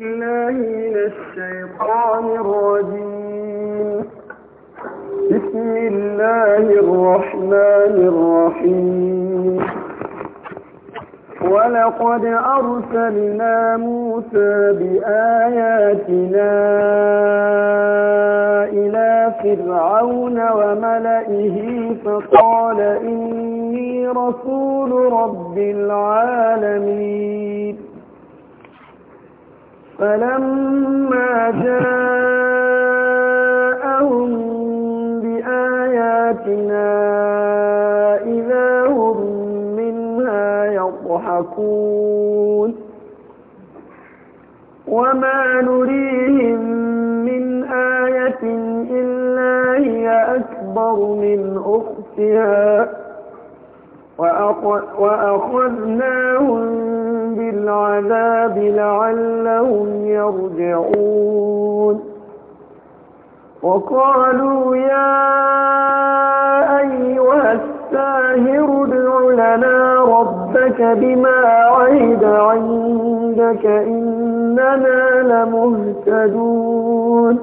الله من الشيطان الرجيم بسم الله الرحمن الرحيم ولقد أرسلنا موسى بآياتنا إلى فرعون وملئه فقال إني رسول رب العالمين فلما جاءهم بآياتنا إذا هم منها يضحكون وما نريهم من آية إلا هي أكبر من أختها وأخذناهم بالعذاب لعلهم يرجعون وقالوا يا أيها الساهر ادع لنا ربك بما عهد عندك إننا لمهتدون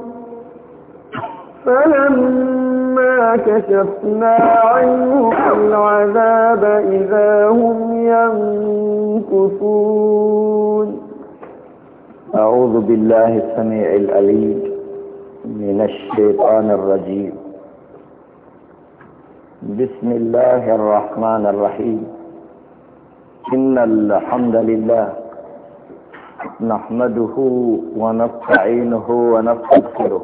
فلما فلما كشفنا عنهم العذاب إذا هم ينكثون أعوذ بالله السميع الأليم من الشيطان الرجيم بسم الله الرحمن الرحيم إن الحمد لله نحمده ونستعينه ونستغفره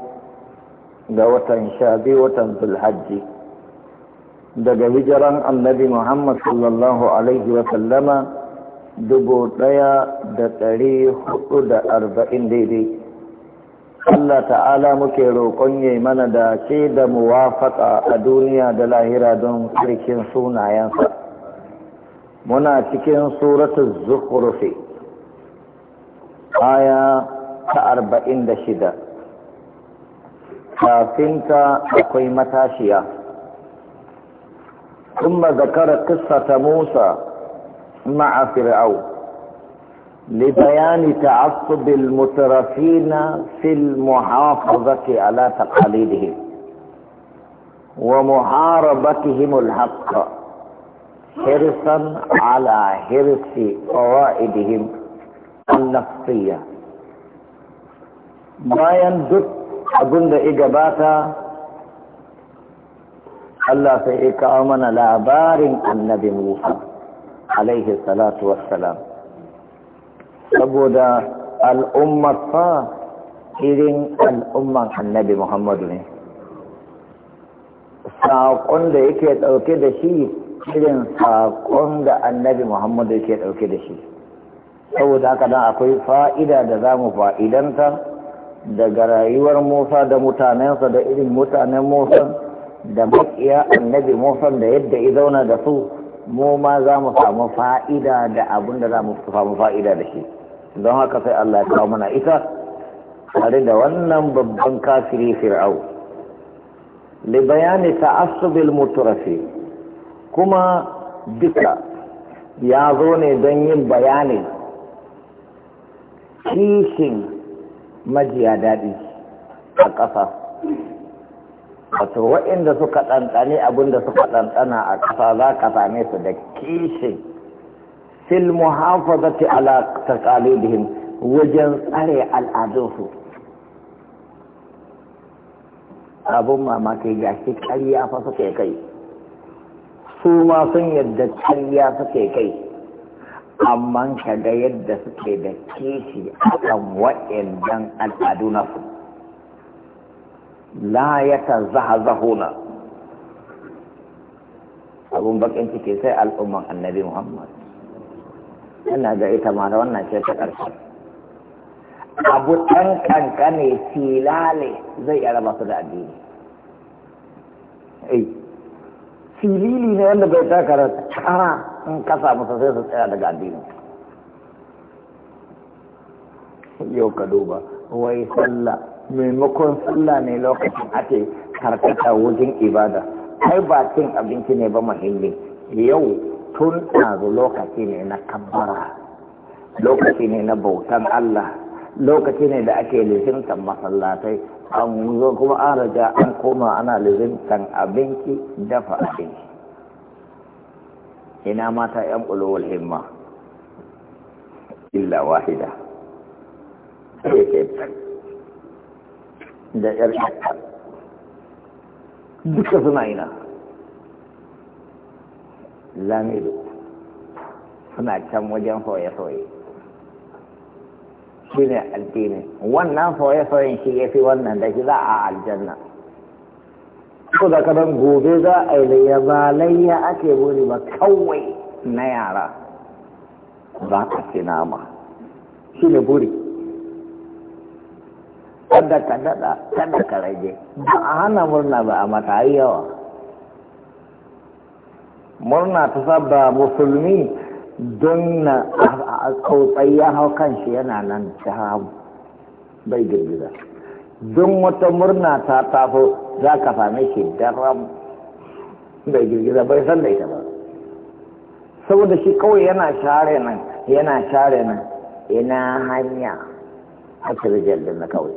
ga watan sha biyu watan zulhajji daga hijiran annabi muhammad sallallahu alaihi wa sallama dubu ɗaya da ɗari hudu da arba'in daidai Allah ta'ala muke roƙon yi mana da ke da muwafaƙa a duniya da lahira don sarkin sunayensa muna cikin suratu zukhrufi aya ta arba'in da shida kafinta akwai matashiya ثم ذكر قصة موسى مع فرعون لبيان تعصب المترفين في المحافظة على تقاليدهم ومحاربتهم الحق حرصا على حرص قوائدهم النفسية ما يندد abinda i gabata Allah sai ya kawo mana labarin annabi Musa alaihi salatu wassalam saboda al'ummar fa irin al'umman annabi Muhammadu ne saƙon da yake ɗauke da shi irin saƙon da annabi Muhammadu yake ɗauke da shi saboda haka dan akwai fa'ida da za mu fa'idanta daga rayuwar Musa da mutanensa da irin mutanen Musa da makiya annabi Musa da yadda ya zauna da su mu ma za mu samu fa'ida da abin da za mu samu fa'ida da shi don haka sai Allah ya kawo mana ita tare da wannan babban kafiri fir'au li bayani ta'assubil mutarafi kuma duka ya zo ne don yin bayani kishin majiya daɗi a ƙasa wato waɗanda suka ɗanɗane abinda suka ɗanɗana a ƙasa za ka same su da kishi fil muhafazati ala taqalidihim wajen tsare al'adunsu abun mamaki ga shi ƙarya fa suke kai su ma sun yadda ƙarya suke kai amma ka ga yadda suke da kishi a kan waɗannan al'adu nasu la ya ta zahazahuna abun bakin ciki sai al'umman annabi muhammad yana ga ita ma da wannan ce ta ƙarshe abu ɗan ƙanƙane filale zai iya raba su da addini filili ne wanda bai taka da tsara in kasa masa sai su tsaya daga addini yau ka duba wai sallah maimakon sallah ne lokacin ake karkata wajen ibada ai ba cin abinci ne ba mahimmi yau tun ɗazu lokaci ne na kabbara lokaci ne na bautan Allah lokaci ne da ake lisintan masallatai an zo kuma an raja an koma ana lizintan abinci dafa abinci ina mata yan ƙulowar himma illa wahida da yar duka suna ina lamido suna can wajen hoye-hoye shi ne addini wannan soye-soyen shi ya fi wannan da shi za a aljanna ko da kadan gobe za a yi layya ba layya ake buri ba kawai na yara za ka fi nama shi ne buri wanda ka daɗa kada ka rage ba a hana murna ba a mata yawa murna ta saba musulmi don na kautsai ya hau kanshi yana nan ta bai girgiza don wata murna ta tafo za ka same shi daram bai girgiza bai san da ita ba saboda shi kawai yana share nan yana share nan ina hanya a tirjal na kawai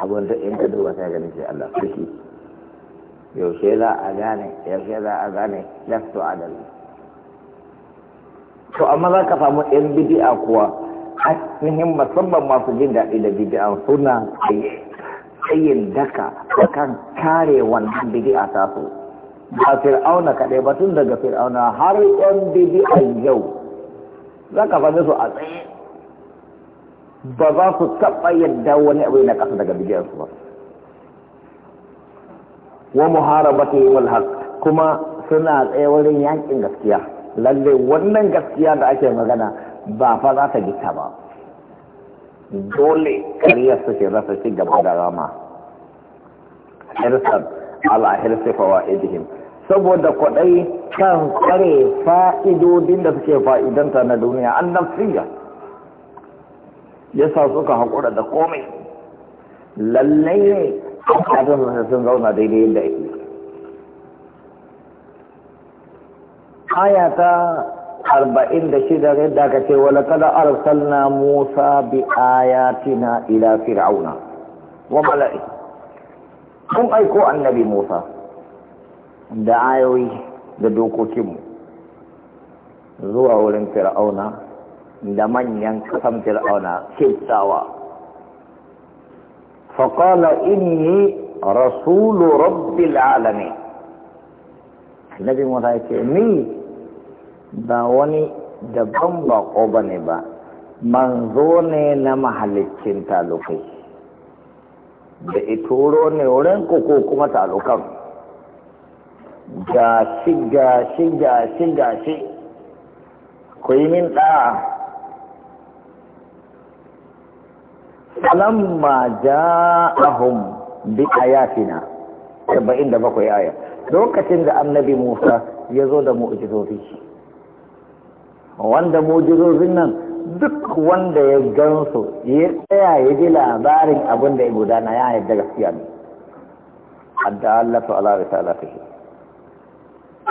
abin da in ka duba ta ganin shi Allah sarki yaushe za a gane yaushe za a gane lafto adal to amma za ka samu yan bidi'a kuwa ainihin musamman masu jin daɗi da bidi'a suna tsayin daka kan kare wannan bidi'a ta su ba fir'auna kaɗai ba tun daga fir'auna har yan bidi'a yau za ka same su a tsaye ba za su taɓa yadda wani abu na ƙasa daga su ba wa muharabati wal haq kuma suna tsaye wurin yankin gaskiya lalle wannan gaskiya da ake magana ba fa za ta gita ba dole kariyar suke za ta ci gaba da rama hirsan al'ahir hirsi fawaidihim saboda kwadai kan tsare fa'idodin da suke fa'idanta na duniya an nafiya ya sa suka haƙura da komai lallai abin sun zauna daidai yadda ake aya ta arba'in da shida yadda ka ce wala kada arsalna musa bi ayatina ila fir'auna wa mala'i kun aiko annabi musa da ayoyi da dokokinmu zuwa wurin fir'auna da manyan kasan fir'auna kibtawa فقال إني رسول رب العالمين النبي موسى يقول باوني دبن بقوبني با منظوني نمحلتين تالوكي da ituro ne wurin ko kuma talukan gashi gashi gashi gashi ku yi min ɗa'a falamma ja'ahum bi ayatina 77 aya lokacin da annabi Musa ya zo da mu'jizozi wanda mu'jizozin nan duk wanda ya gan su ya tsaya ya ji labarin abin da ya gudana ya yadda gaskiya ne adda Allah ta ala risalatihi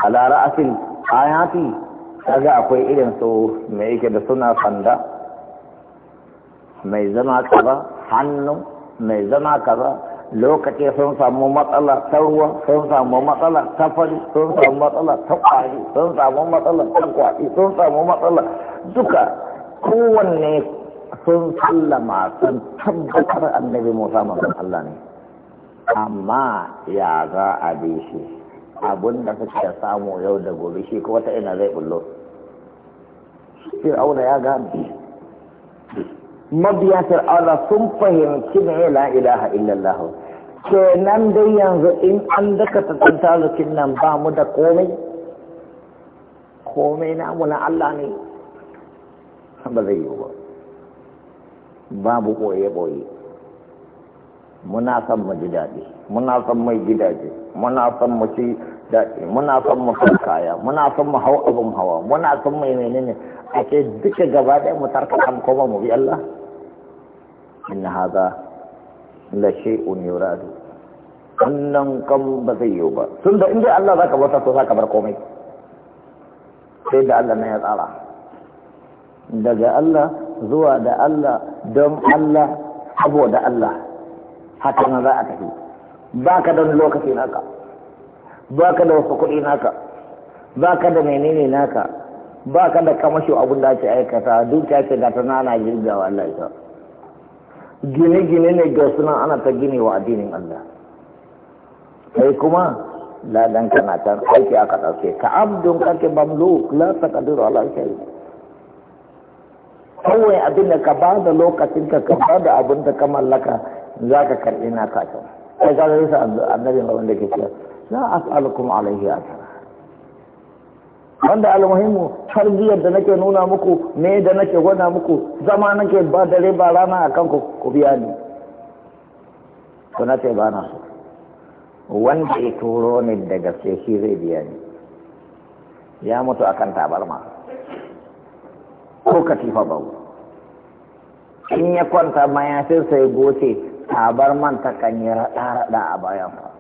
ala ra'asil ayati kaga akwai irin su me yake da suna sanda mai zama kaza hannu mai zama kaza lokaci sun samu matsala ta ruwa sun samu matsala ta fari sun samu matsala ta kwari sun samu matsala ta kwari sun samu matsala duka kowanne sun sallama sun tabbatar annabi musa manzon Allah ne amma ya za a bi shi abun da suke samu yau da gobe shi ko wata ina zai bullo shi auna ya gane mabiya Allah sun fahimci ne la ilaha illallah kenan dai yanzu in an daka tattalin nan ba mu da komai komai na na Allah ne ba zai yi ba babu ɓoye-ɓoye muna son mu ji daɗi muna son mai gidaje muna son mu ci daɗi muna son mu kaya muna son mu hau abin hawa muna son mu yi menene a ke duka gaba ɗaya mu tarka an koma mu bi Allah inna haza la shay'un yuradu wannan kan ba zai yiwu ba tun da inda Allah zaka bauta to zaka bar komai sai da Allah ne ya tsara daga Allah zuwa da Allah don Allah saboda Allah haka nan za a tafi ba ka lokaci naka ba ka da wasu kuɗi naka ba ka da menene naka ba ka da kamashin abin da ake aikata dukiya ce ga na nana jirgawa Allah ya gine-gine ne ga suna ana ta gine wa addinin Allah sai kuma ladan na can aiki aka ɗauke ka abdun kake mamluk la taqdiru ala shay'in kawai abin da ka ba da lokacin ka ka ba da abin da ka mallaka za ka karɓi na kacan sai ka zai sa annabi ga wanda ke cewa la as'alukum alaihi ajra wanda almuhimu tarbiyyar da nake nuna muku me da nake gwada muku zama nake ba dare ba rana akan ku ku biya ni to na ce ba na so wanda ya turo ni da sai shi zai biya ni ya mutu akan tabarma ko katifa babu in ya kwanta mayafin sai goce tabarman ta kan yi raɗa-raɗa a bayan ba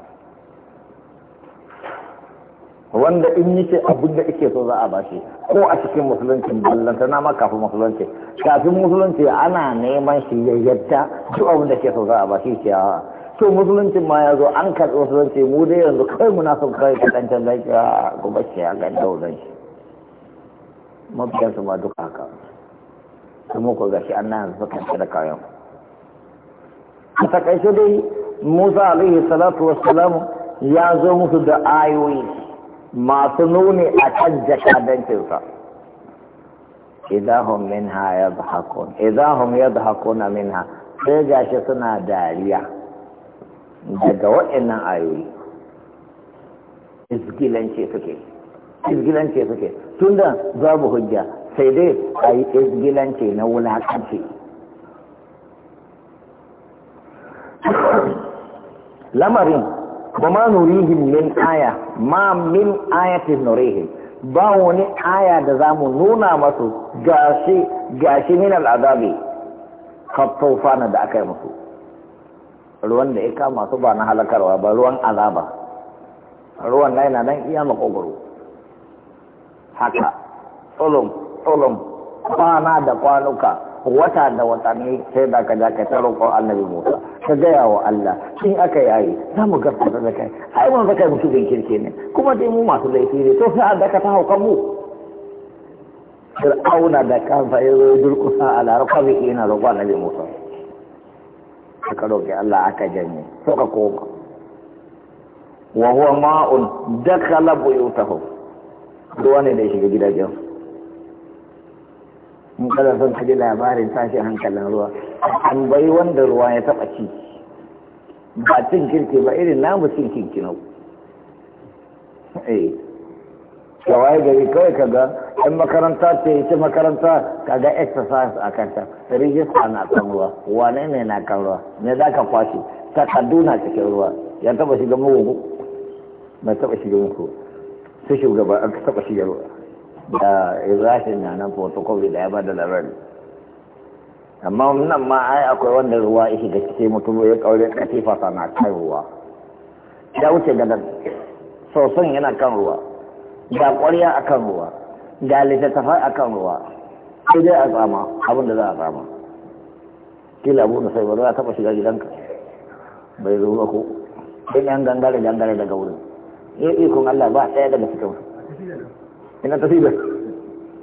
wanda in yi ce abin da ake so za a bashi ko a cikin musulunci ballanta na ma kafin musulunci kafin musulunci ana neman shi ya yadda duk abin da ke so za a bashi ce a to musulunci ma ya zo an karɓi musulunci mu dai yanzu kai muna son kai ka dan can lafiya ku bashi a ga daudan shi mabiyansu ma duka haka muku ga shi an na nan suka da kayan a takaice dai Musa alaihi salatu wassalamu ya zo musu da ayoyi masu nuni a kan jakadancinsa idahum minha yadhakun na min minha sai gashi suna dariya daga waɗannan ayoyi izgilance suke izgilance suke tunda babu hujja sai dai a yi izgilance na wulakanci lamarin وما نريهم من آية ما من آية نريهم باوني آية دزام نونا مسو جاشي جاشي من العذاب قد طوفان دا مسو ruwan da ya kama su ba na halakarwa ba ruwan azaba ruwan na yana nan iya makogoro haka tsulum tsolom kwana da kwanuka wata da watanni sai da ka ka ta roƙo annabi Musa ka gaya wa Allah shin aka yayi za mu gaskata da kai ai mun zaka da kirki ne kuma dai mu masu laifi ne to sai da ka ta hauka mu fir'auna da kan ya zo durkusa a larkabi ina roƙo annabi musa aka roƙe allah aka janye ka koma wa huwa ma'un dakala buyutahu. ruwa ne da shiga gidajen in kada son ka ji labarin tashi hankalin ruwa an bai wanda ruwa ya taba ci ba cin kirki ba irin namu cin kirki nau eh kawai gari kawai kaga yan makaranta ce ita makaranta kaga exercise a kanta register na kan ruwa wane ne na kan ruwa ne za ka kwashe ta na cikin ruwa ya taba shiga mugu ba taba shiga mugu sai shugaba an taba shiga ruwa da ibrahim na nan photocopy da ya ba da labari amma nan ma ai akwai wanda ruwa ishi da cikin mutum ya kaure katifa sana kan ruwa ya wuce daga soson yana kan ruwa ga ƙwarya a kan ruwa ga littattafai a kan ruwa sai dai a tsama abin da za a tsama kila abu da sai ba za a taɓa shiga gidanka bai zo ba ko sai yan gangare gangare daga wurin ya ikon allah ba ɗaya daga cikin ina ta sida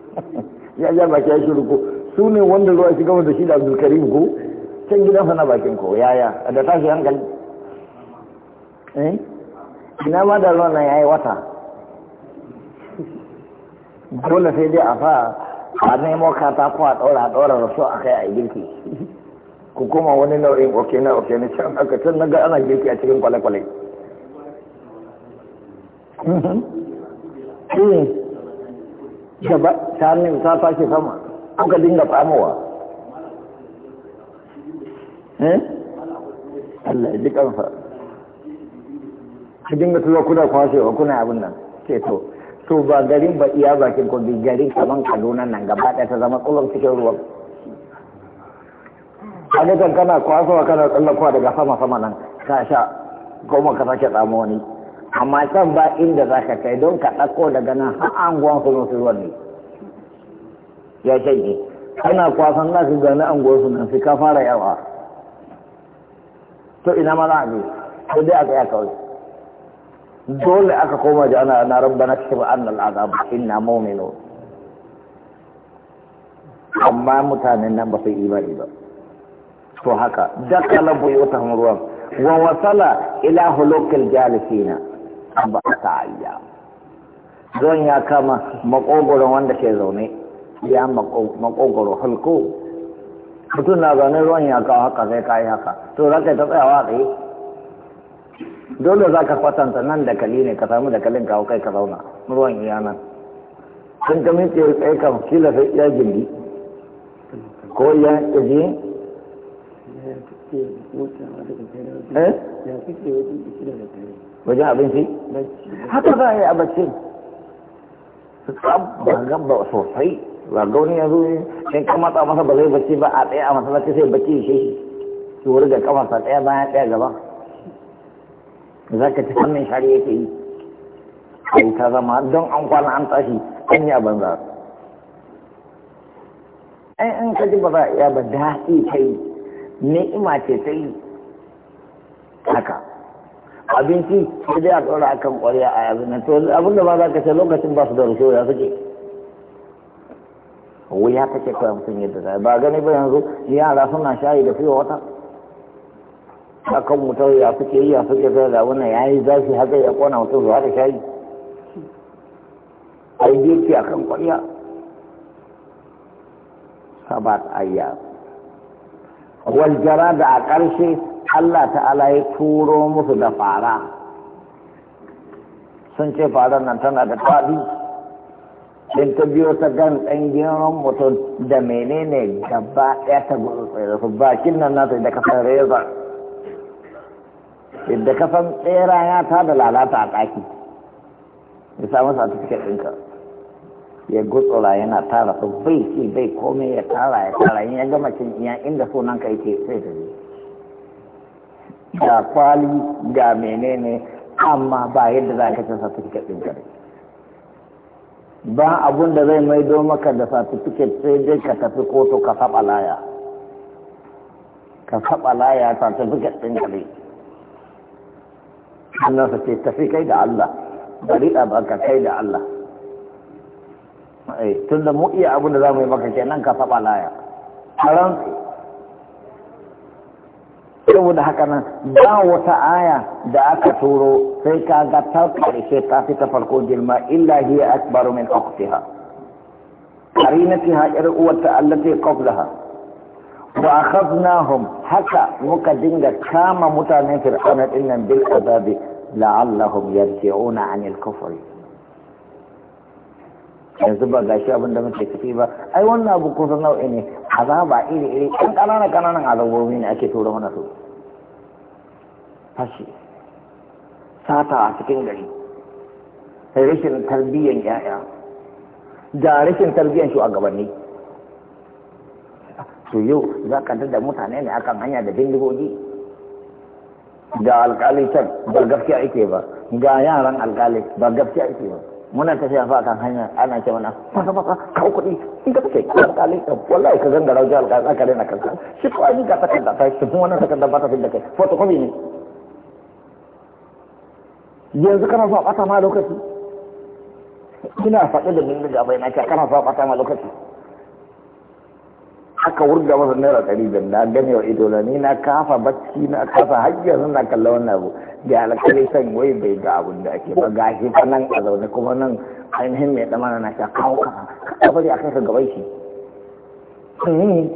ya ja baki ya shiru ko su ne wanda ruwa shiga wanda shi da karim ko can gidansa na bakin ko yaya da tashi hankali eh? ina ma da ruwan nan ya yi wata dole sai dai a fa a nemo ko a ɗora a ɗora rasu a kai a yi girki ku koma wani nau'in oke na oke na can aka can na ga ana girki a cikin kwale-kwale eh. gaba ta hannun ta fashe sama kuka dinga famowa eh? Allah ya ji kansa ku dinga tuzo kuna kwashewa kuna abin nan ce to to ba garin ba iya bakin ko bi garin kaman Kaduna nan gaba ɗaya ta zama kullum cikin ruwan a kan kana kwasowa kana tsallakowa daga sama sama nan ka sha goma ka sake tsamo wani amma can ba inda za ka kai don ka ɗauko daga nan har anguwan su nufi wani ya shanye kana kwasan za su gani anguwan su nan su ka fara yawa to ina ma za a je ko dai aka ya kawai dole aka koma da ana na rabbana kashfa anna al'azab inna mu'minun amma mutanen nan ba su imani ba to haka dakala buyutahum ruwan wa wasala ila hulukil jalisina ba a ayya. zon ya kama makogoron wanda ke zaune ya makogoro halko mutum na zaune ruwan ya kawo haka sai kayi haka to za ka yi ta tsayawa tsaye dole za ka kwatanta nan da kali ne ka samu da kalin kawo kai ka zauna ruwan iya nan sun ka minti tsaye kan kila sai iya gindi ko iya ƙirji eh wajen abinci haka za a yi a bacci Ba tsabba ba sosai ba gauni ya zo in ka matsa masa ba zai bacci ba a tsaye a masallaci sai bacci ya shi ki wurga kafarsa ɗaya bayan ɗaya gaba za ka ci hannun shari yake yi abu ta zama don an kwana an tashi an yi a banza ai in ka ba za a iya ba daɗi ta yi ni'ima ce ta yi haka abinci sai dai a a kan ƙwarya a yanzu nan to abin da ba za ka ce lokacin ba su da rufe ya suke wuya ce kawai mutum yadda za ba gani ba yanzu yara suna shayi da fiye wata a kan mutum ya suke yi ya suke zai da wannan ya yi zafi haka ya kona mutum zuwa da shayi a yi jirki a kan ƙwarya sabat ayyar wal jara da a ƙarshe Allah ta'ala ya turo musu da fara sun ce farar nan tana da faɗi in ta biyo ta gan ɗan gyaran mutum da menene gaba ɗaya ta gudu tsaye su bakin nan nasu da kasar reza da kasan tsera ya ta da lalata a ɗaki ya samu satifiket ɗinka ya gutsura yana tara su bai ci bai komai ya tara ya tara in ya gama cin iya inda sunan ka yake sai ta je ga kwali ga menene amma ba yadda za ka ci satifiket ɗin ka ba abun da zai maido maka da satifiket sai dai ka tafi kotu ka saba laya ka saba laya satifiket ɗin ka ne sa ce tafi kai da Allah bari a baka kai da Allah eh, tun da mu iya abun da za mu yi maka kenan ka saba laya a saboda haka nan ba wata aya da aka turo sai ka ga ta karshe ta fi ta farko girma illa hiya akbaru min uqtiha qarinatiha ir uwata allati qablaha wa akhadnahum haka muka dinga kama mutanen fir'auna dinnan bil azabi la'allahum yarji'una 'anil kufri yanzu ba shi abin da muke kafi ba ai wannan abu kusan nau'i ne azaba iri iri ɗan ƙananan ƙananan azabobi ne ake tura mana su fashi sata a cikin gari rashin tarbiyyan ya'ya da rashin tarbiyyan shugabanni to yau za ka da mutane ne akan hanya da bindigogi da alƙali can ba gaskiya ake ba ga yaran alƙali ba gaskiya ake ba muna tafiya fa kan hanya ana ce mana maka maka kawo kuɗi in ka tafi kuɗin kale ka wallahi ka zanga rauji alƙasa ka daina kanka shi ko aji ga takarda ta shi kuma wannan takarda ba ta fidda kai photocopy ne yanzu kana so a ɓata ma lokaci ina faɗi da bindiga bai na ce kana so a ɓata ma lokaci aka wurga masa naira ɗari da na gane wa ido na ni na kafa bacci na kafa hajjar na kalla wannan abu da alƙali san wai bai ga abin da ake ba gashi shi fa nan a zaune kuma nan ainihin mai ɗamana na sha kawo kafa ka bari a kai ka gaban shi hmm,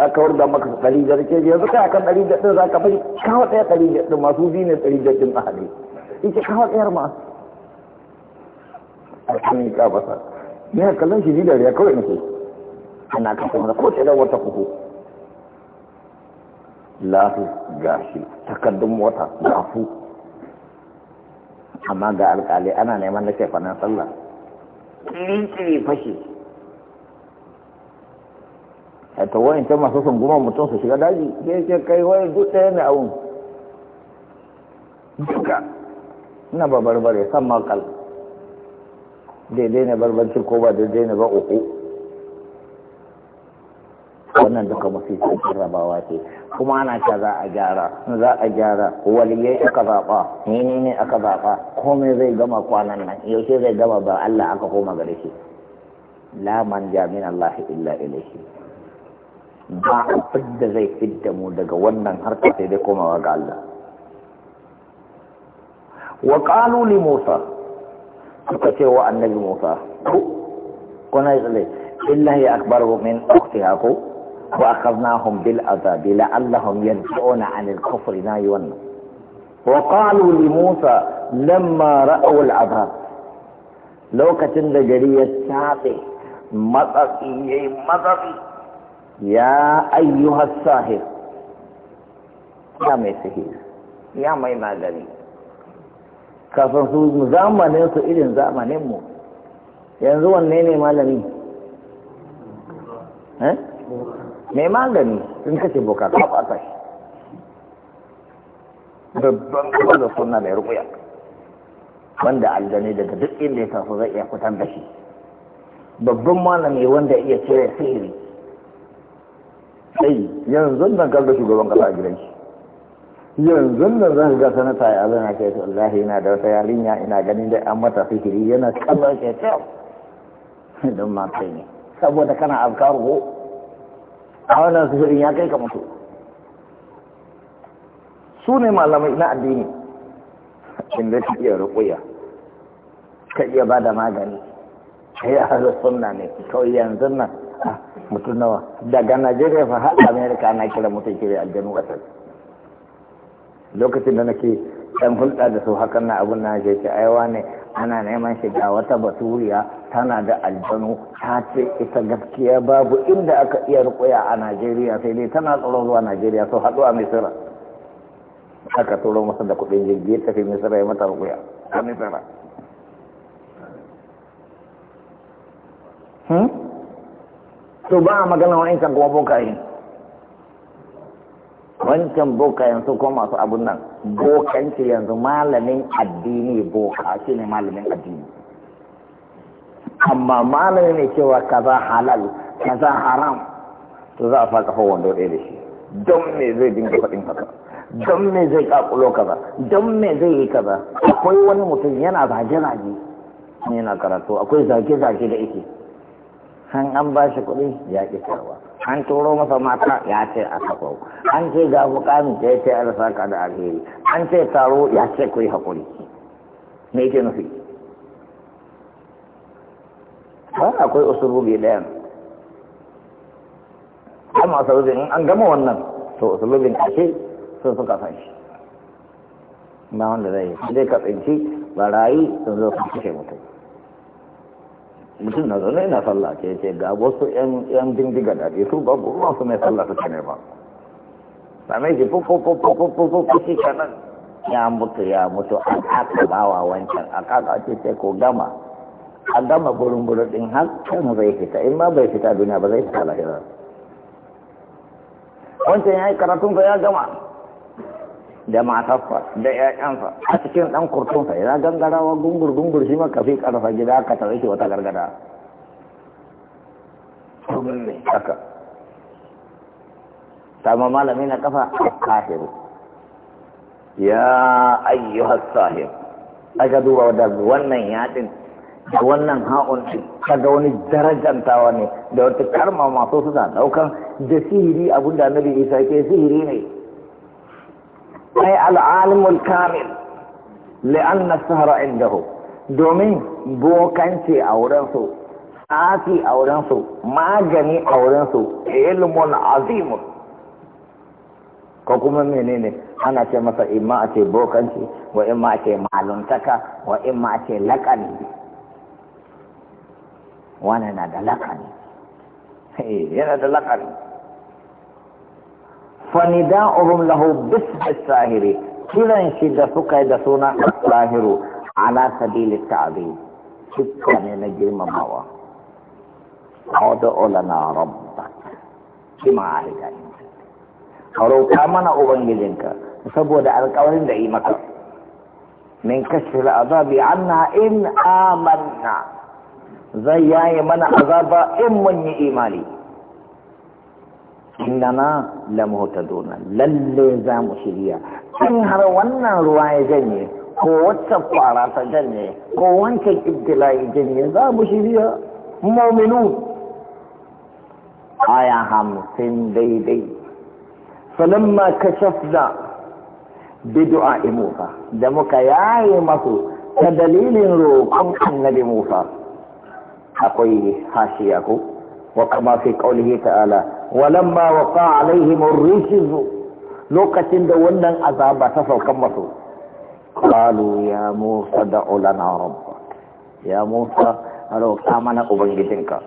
aka wurga maka ɗari da rike yanzu kai akan ɗari da ɗin za ka bari kawo ɗaya ɗari da ɗin masu biyu ne ɗari da ɗin a haɗe ita kawo ɗayar ma a cikin ka basa a kallon shi ni dariya kawai nake ana kasa mana ko sai da wata kuku lafi gashi takardun mota lafu amma ga alkali ana neman na shefanen sallah kiri fashe fashi a ta wayan ta masu sunguma mutum su shiga daji sai ce kai wani duk ɗaya ne abun duka ina ba barbare san makal daidai ne barbanci ko ba daidai ne ba uku wannan duka mafi rabawa ce kuma ana ta za a gyara za a gyara waliyai aka zaɓa ne ne aka zaɓa komai zai gama kwanan nan yaushe zai gama ba Allah aka koma gare shi la man jamin Allah illa ilaihi ba abin da zai fidda mu daga wannan harka sai dai komawa ga Allah wa qalu Musa suka ce wa annabi musa ko kuna zale illahi akbaru min ukhtiha ko wa akhadnahum bil azabi la'allahum yanzuuna 'anil kufri na yuwanna wa qalu li musa lamma ra'aw al azab lokacin da gari ya tsabe matsatsi yayi matsatsi ya ayyuhas sahir ya mai sihir ya mai magani kafin su zamanin su irin zamanin mu yanzu wanne ne malami eh? mai magani sun kace boka ta fata shi babban kuma da suna mai rukuya wanda aljani daga duk inda ya tafi zai iya kutan da shi babban malami wanda iya cire sihiri sai yanzu nan kalga shugaban kasa a gidan shi yanzu nan zan ga sanata ya zana ce wallahi yana da wata yarinya ina ganin dai an mata fikiri yana kallon ke ta don ma kai ne saboda kana afkaru ko a wannan sihirin ya kai ka mutu su ne malamai na addini inda ka iya rukuya ka iya ba da magani ka yi harin sunna ne kawai yanzu nan ah, mutum nawa daga najeriya fa har amerika na kira mutum kiri aljanu wasan. lokacin da nake ɗan hulɗa da su hakan na abin na ce aiwa ne ana neman shiga wata baturiya tana da aljanu ta ce ita gaskiya babu inda aka iya rukuya a najeriya sai dai tana tsoron zuwa najeriya sau haɗu a misira aka turo masa da kuɗin jirgi ya tafi misira ya mata rukuya a misira hmm? to ba a magana wa'incan kuma bokaye wancan boka yanzu ko masu abun nan bokanci yanzu malamin addini boka shi ne malamin addini amma malami ne cewa kaza halal kaza haram to za a fa kafa wando ɗaya da shi don me zai dinga faɗin kaza don me zai kakulo kaza don me zai yi kaza akwai wani mutum yana zage-zage yana karatu akwai zage-zage da yake san an ba shi kuɗi ya ƙi karwa an turo masa mata ya ce a sako an ce ga mukami ya ce a saka da alheri an ce taro ya ce ku yi haƙuri me yake nufi ba akwai usurubi ɗayan amma usurubin an gama wannan to a ƙashe sun suka san shi ba wanda zai yi sai ka tsinci rayu sun zo sun kashe mutum mutum na zaune yana sallah ce ce ga wasu yan bindiga da ke su babu ruwan su mai sallah suka ne ba same shi fufufufufufufu shi kanan ya mutu ya mutu a kaka bawa wancan a kaka ce ce ko gama a gama burin burin din har kan zai fita in ma bai fita duniya ba zai fita lahira wancan ya yi karatun fa ya gama da matarsa da ƴaƴansa a cikin ɗan kurtunsa yana gangarawa gungur gungur shi ma kafi karfa gida ka tare shi wata gargada Ta sama malami na kafa kafiru ya ayyuhas sahib aka duba da wannan yaɗin da wannan ha'un kaga wani darajantawa ne da wata karma masu suna daukan da sihiri abinda annabi isa ke sihiri ne Ai أي العالم الكامل لأن السهر عنده domin bokanci a wurinsu tsafi a wurinsu magani a wurinsu ilmun azimun ko kuma menene ana ce masa imma a ce bokanci wa imma a ce maluntaka wa imma a ce lakani wani na da lakani yana da lakani فنداؤهم له باسم الساهر كلا شد فك يدسون الساهر على سبيل التعذيب شكرا يا نجي مماوى عود لنا ربك كما عهد انت ولو كامنا اوبنجزنك فسبوا دع القوانين دعي من كشف العذاب عنا ان امنا زي يا من عذاب ام من ايماني innana la muhtaduna lalle za mu shirya in har wannan ruwa ya janye ko wata kwara ta janye ko wancan ibtila ya janye za mu shirya mu'minu aya hamsin daidai falamma kashafna bidu'a Imufa, da muka yaye masu ta dalilin roƙon annabi musa akwai hashiya ko wa kama fi qaulihi ta'ala walamma waqa alaihim ar-rijzu lokacin da wannan azaba ta saukan masu qalu ya musa da'u lana rabbak ya musa roƙa mana ubangijinka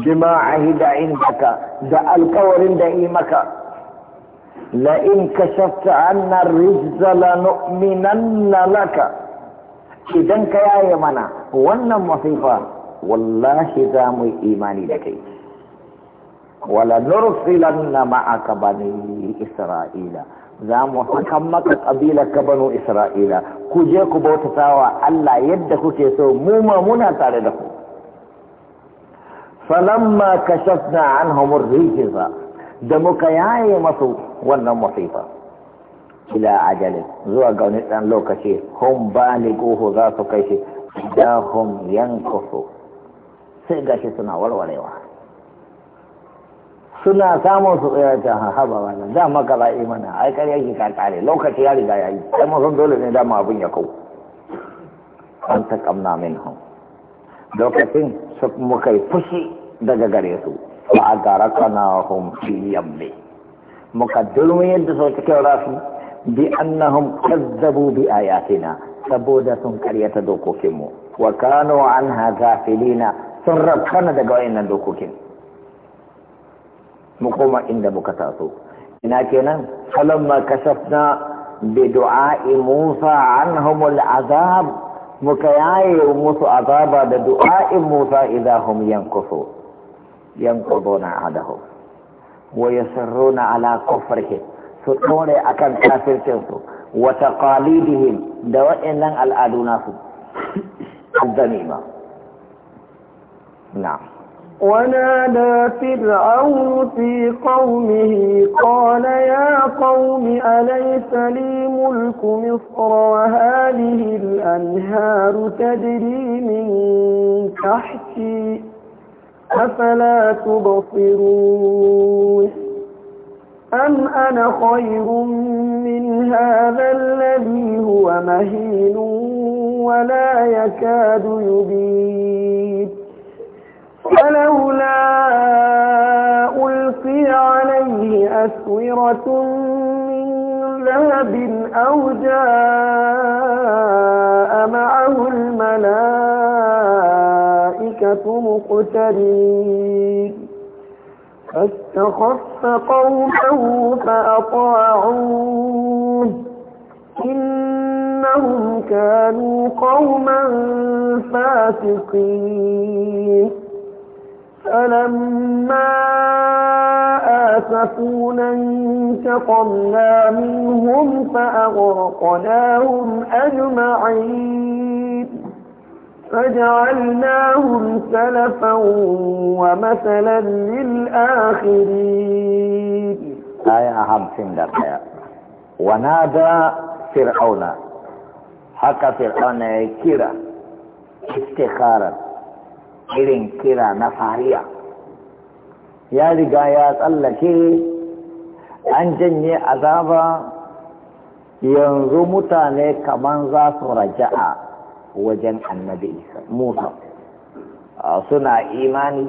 bima ahida indaka da alƙawarin da yi maka لئن كشفت عنا الرجز لنؤمنن لك idan ka yaye mana wannan masifa wallahi za mu imani da kai wala nursilanna ma'aka bani isra'ila za mu hakan maka kabilar ka banu isra'ila ku je ku bautata wa Allah yadda kuke so mu ma muna tare da ku falamma kashafna anhum ar-rijza da muka yaye masu wannan musifa ila ajalin zuwa ga wani dan lokaci hum balighuhu za su kai shi da hum yankusu sai gashi suna warwarewa. suna samun su tsaya can haba wannan da maka ba imana ai ƙarya ka kare lokaci ya riga yayi sai mun san dole ne da mu abun ya kau an ta kamna min hum lokacin su muka yi fushi daga gare su fa agarakana hum fi yammi muka dulmi yadda su cikin rasu bi annahum kazzabu bi a ayatina saboda sun karyata dokokinmu wa kanu anha gafilina sun rabkana daga wayannan dokokin mu koma inda muka taso ina kenan falamma kashafna bi du'a'i Musa anhum al'azab muka yaye musu azaba da du'a'in Musa idza hum yankusu yankuduna adahu wa yasirruna ala kufrihi su dore akan kafircin su wa taqalidihim da wa'annan al'adu nasu الذميمة نعم ونادى فرعون في قومه قال يا قوم أليس لي ملك مصر وهذه الأنهار تجري من تحتي أفلا تبصرون أم أنا خير من هذا الذي هو مهين ولا يكاد يبيد فلولا ألقي عليه أسورة من ذهب أو جاء معه الملائكة مقترين فاستخف قومه فأطاعوه إنهم كانوا قوما فاسقين فَلَمَّا آسَفُونَا انتقمنا مِنْهُمْ فَأَغْرَقْنَاهُمْ أَجْمَعِينَ فَجَعَلْنَاهُمْ سَلَفًا وَمَثَلًا لِلْآخِرِينَ آية خمسين دقيقة ونادى فرعون حكى فرعون كرة استخارا irin kira na fariya ya riga ya tsallake an janye azaba yanzu mutane kamar za su raja'a wajen annabi musa suna imani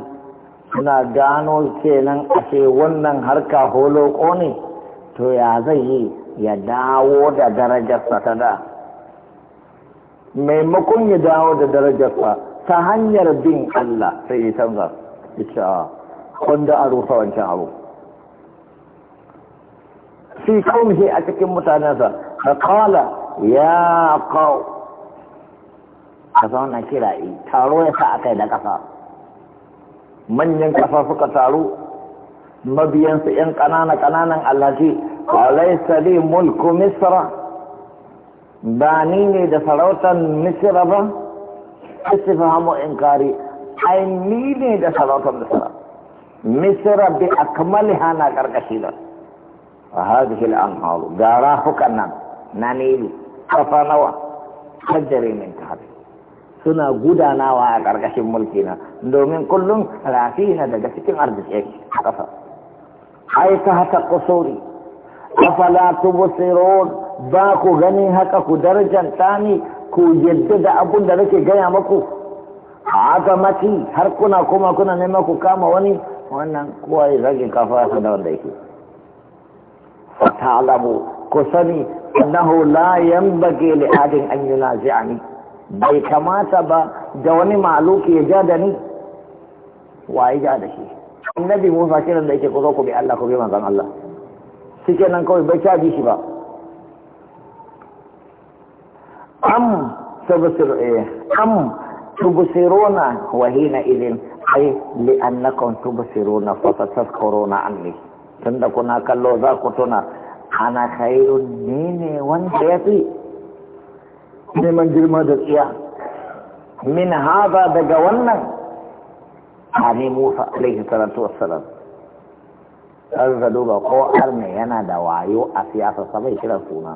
suna gano kenan ce wannan harka holoko ne to ya zai yi ya dawo da darajarsa ta da maimakon ya dawo da darajarsa ta hanyar bin Allah sai ya canza ita ah, wanda a rufa wancan abu fi kawai a cikin mutanensa ta kala ya kawo ka kira yi taro ya sa a kai da ƙasa manyan ƙasa suka taru mabiyansu 'yan ƙanana ƙananan allafi ƙwalaisa li mulku misra ba ni ne da sarautar misira ba istifhamu inkari ai ni ne da sarautar misra misra bi akmaliha na karkashi da fa hadhihi anhar ga rafukan nan na nilu kafa nawa min tahti suna gudanawa a karkashin mulki na domin kullum rafina na daga cikin arziki Kafa. ai ta haka kusuri afala tubsirun ba ku gani haka ku darjanta ni ku yadda da abun da nake gaya maku a azamati har kuna kuma kuna nema ku kama wani wannan kowa ya zagin kafa ya da wanda yake alamu ku sani annahu la yanbaghi li ahadin an ni. bai kamata ba da wani maluki ya ja da ni wa ja da shi annabi Musa kiran da yake ku zo ku bi Allah ku bi manzon Allah nan kawai bai caji shi ba am tubsir am tubsiruna wa hina idin ai li annakum tubsiruna fa tatadhkuruna anni tunda kuna kallo za ku tuna ana khairun ne ne wanda ya fi neman girma da tsiya min haza daga wannan ani musa alaihi salatu wassalam an duba ko arne yana da wayo a siyasa sabai kiran suna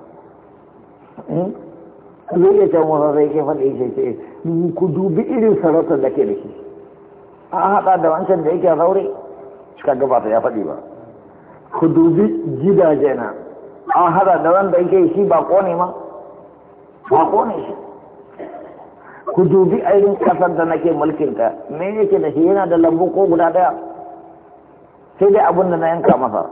zai can wasa zai ke faɗi ke ce ku dubi irin sarautar da ke da shi an haɗa da wancan da yake a zaure cika gaba ta ya faɗi ba ku dubi gidaje na an haɗa da wanda yake shi ba kone ma ba kone shi ku dubi ainihin ƙasar da nake mulkinta me yake da shi yana da lambu ko guda ɗaya sai dai abin da na yanka masa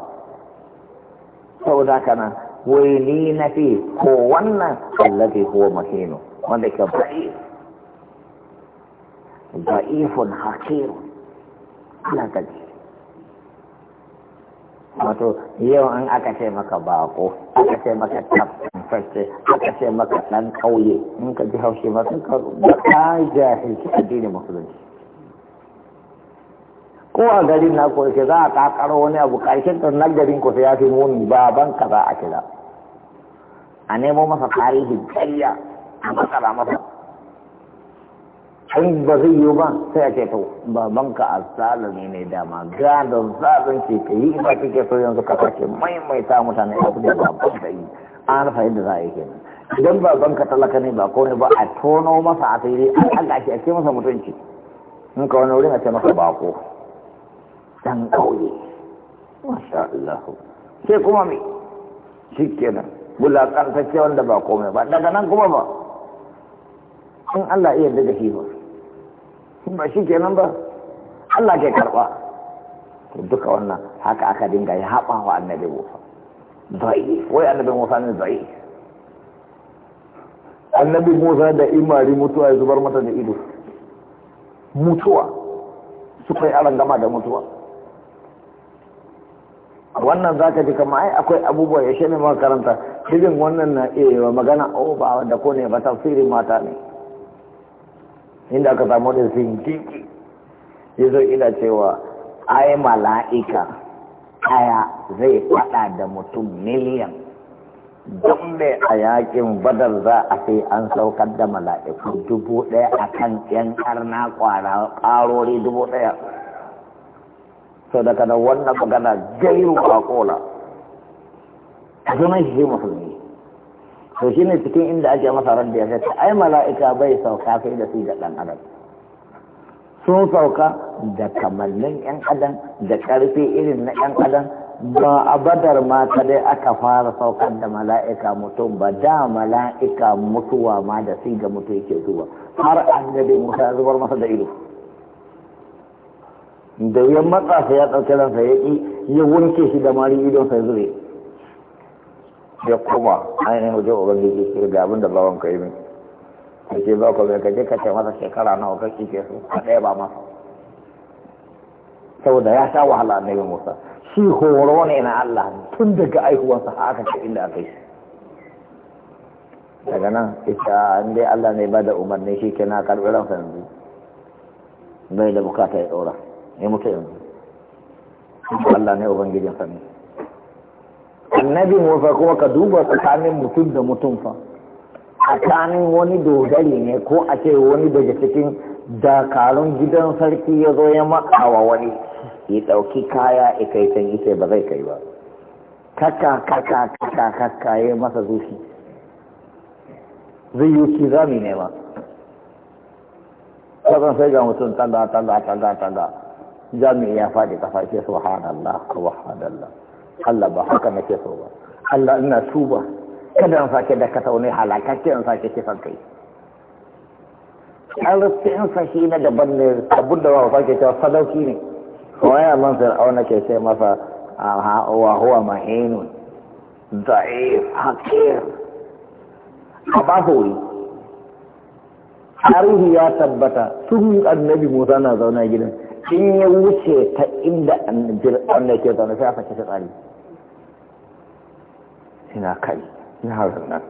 saboda haka nan wai na fi ko wannan allafi ko mahinu wanda ke ba'i ba'ifun hakiru ana gaji wato yau an aka ce maka bako aka ce maka tafin fashe aka ce maka dan kauye in ka ji haushi masu ka jahilci addinin musulunci ko a garin na ko za a kakaro wani abu karshen ta na garin ku sai ya fi muni baban ka za a kira a nemo masa tarihin karya a matsala masa in ba zai yiwu ba sai a ce to baban ka azzalumi ne dama da zalun ce ka yi ba kike so yanzu ka sake maimaita mutane abu da baban ka yi an fahim da za a yi kenan idan baban ka talaka ne ba ko ne ba a tono masa asiri a Allah a ake masa mutunci in ka wani wurin a ce masa bako Dan kauye masha Allah sai kuma me shi kenan ce wanda ba komai ba daga nan kuma ba in Allah iya daga shi ba ba shi kenan ba Allah ke karɓa duka wannan haka aka dinga ya haɓa wa annabi Musa zai wai annabi Musa ne zai annabi Musa da imari mutuwa ya zubar mata da ido mutuwa su kai aran gama da mutuwa wannan za ka ji kama ai akwai abubuwa ya shi ne makaranta cikin wannan na iya magana o oh, ba da ko ne ba tafsirin mata ne inda aka samu da sun kiki ya zo ina cewa ai mala'ika aya zai fada da mutum miliyan don a yakin badar za a sai an saukar da mala'iku dubu ɗaya akan yan karna kwara ƙarori dubu ɗaya sau da nan wannan magana gairu kakola a zama shi musulmi to shi ne cikin inda ake masa da ya sai ai mala'ika bai sauka sai da su da ɗan adam sun sauka da kamallin yan adam da karfe irin na yan adam ba a badar ma dai aka fara saukar da mala'ika mutum ba da mala'ika mutuwa ma da siga mutu yake zuwa har annabi musa zubar masa da ido da ya matsa sa ya ɗauki ransa ya ƙi ya wanke shi da mari idon sa zube ya koma ainihin wajen ubangiji shi ga abin da bawan ka yi min da ce ba ku mai kaje ka ce masa shekara na ka kike su a ɗaya ba masa saboda ya sha wahala annabi musa shi horo ne na allah tun daga aihuwansa haka ce inda aka yi daga nan ita dai Allah ne ba da umarni shi ke na karɓi ransa yanzu bai da bukata ya ɗora ne muke yanzu Allah ne ubangijin sa ne annabi Musa kuma ka duba tsakanin mutum da mutum fa tsakanin wani dogari ne ko a ce wani daga cikin dakarun gidan sarki ya zo ya makawa wani ya ɗauki kaya ya kai can ita ba zai kai ba kaka kaka kaka kaka ya masa zuci zai yi ki zami ne ma sai ga mutum tanda tanda tanda tanda jami'i ya faɗi kafa ce subhanallah subhanallah Allah ba haka ke so ba Allah ina tuba kada an sake da ka taune halakakke an sake kisan kai an rufe in sashi na daban ne abin da ba ke cewa sadauki ne waya man auna ke ce masa wa huwa mahinun da'if hakir a ba hori tarihi ya tabbata sun annabi musa na zauna gidan in ya wuce ta inda wanda ke zaune sai a kashe tsari ina kai yaron nan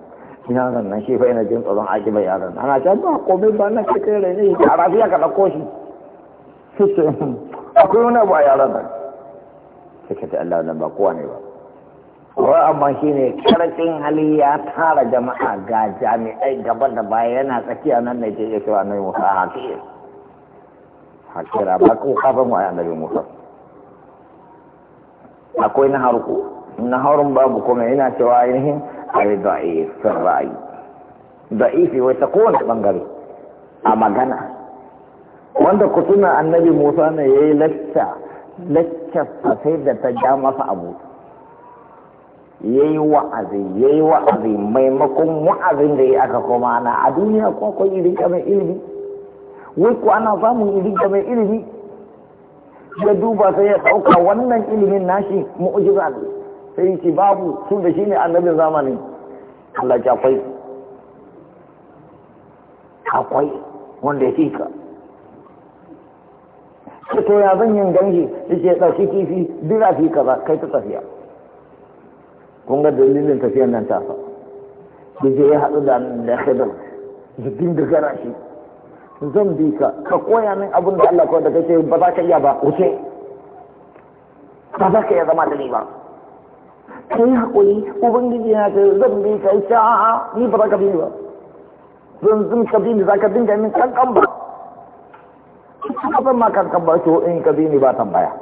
yaron nan shi fa ina jin tsoron mai yaron nan ana can ba komai ba na ce kai rai ne a rafiya ka ɗauko shi suke hmm, akwai wani ba yaron nan suke ta Allah nan ba kowa ne ba kawai amma shi ne karfin hali ya tara jama'a ga jami'ai gaba da baya yana tsakiya nan ne ke ya kewa nan musa hafi hasira ba ko kafa mu ayi annabi Musa akwai na harku na harun babu kuma ina cewa ainihin ai da'if ra'ayi da'if wai ta kowane bangare a magana wanda ku tuna annabi Musa ne yayi lacca lacca sai da ta ja masa abu yayi wa'azi yayi wa'azi maimakon wa'azin da ya aka koma na a duniya ko akwai irin kamar ilimi wai ko ana samun irin mai ilimi ya duba sai ya sauka wannan ilimin nashi mu'ujiza sai shi babu su da shi ne annabin zamani Allah ki akwai akwai wanda ya fi ka to ya zan yin gangi yace ɗauki kifi dira fi kaza kai ta tafiya kun ga dalilin tafiya nan ta fa yace ya haɗu da da khidr ya gara shi zan bi ka ka koya min abin da Allah kawai da kake ba za ka iya ba wuce ba za ka iya zama da ni ba ka yi haƙuri ubangiji na ce zan bi ka ita a'a ni ba za ka bi ni ba zan zan ka bi ni za ka dinga min kankan ba ka ban ma kankan ba to in ka bi ni ba tambaya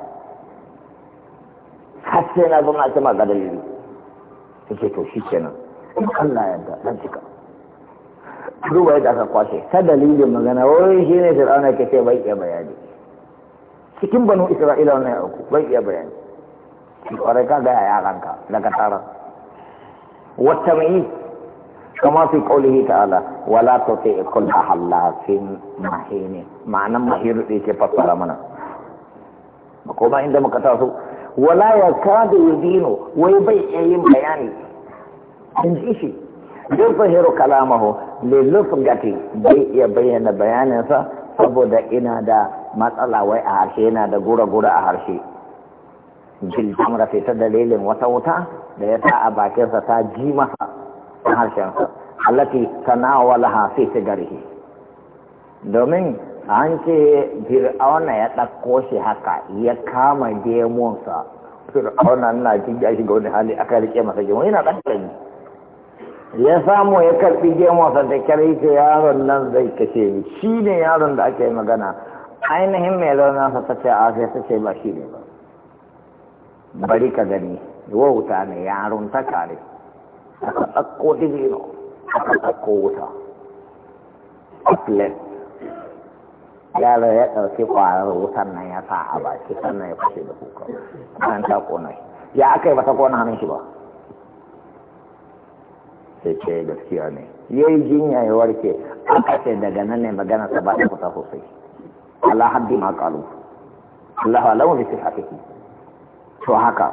har sai na zama a ce ma ga dalili to shi kenan in Allah ya da zan cika ruwa da aka kwashe ta dalilin magana wai shi ne fir'auna ke ce bai iya bayani cikin banu isra'ila wannan yauku bai iya bayani kwarai ka gaya ya ranka daga tara wata mai kama fi kaulihi ta'ala wala ta ta ikul a halafin mahini ma'anan mahiru ɗaya ke fassara mana makoma inda muka taso wala ya kada yudino wai bai iya yin bayani in ji shi yuzhiru kalamahu li gati zai iya bayyana bayaninsa saboda ina da matsala wai a harshe yana da gura-gura a harshe bil jamra ta dalilin wata wuta da ya sa a bakinsa ta ji masa a harshensa allati tanawalaha fi sigarihi domin an ce fir'auna ya ɗauko shi haka ya kama gemunsa fir'auna na jin gashi ga wani hali aka rike masa gemu yana ɗan ya samu ya karɓi gemonsa da kyare ce yaron nan zai kashe ni shi ne yaron da ake magana ainihin mai rauna sa ta ce a sai ta ce ba shi ne ba bari ka gani wauta ne yaron ta kare aka ɗauko digino aka ɗakko wuta uplet yaro ya ɗauki ƙwarar wutan nan ya sa a baki sannan ya fashe da kuka an ta ƙona ya aka yi ba ta ƙona hannun shi ba sai ce gaskiya ne ya yi jinya ya warke a ce daga nan ne magana ta ba ta fita sosai ala haddi ma kalu Allah alamu bi sihhatihi to haka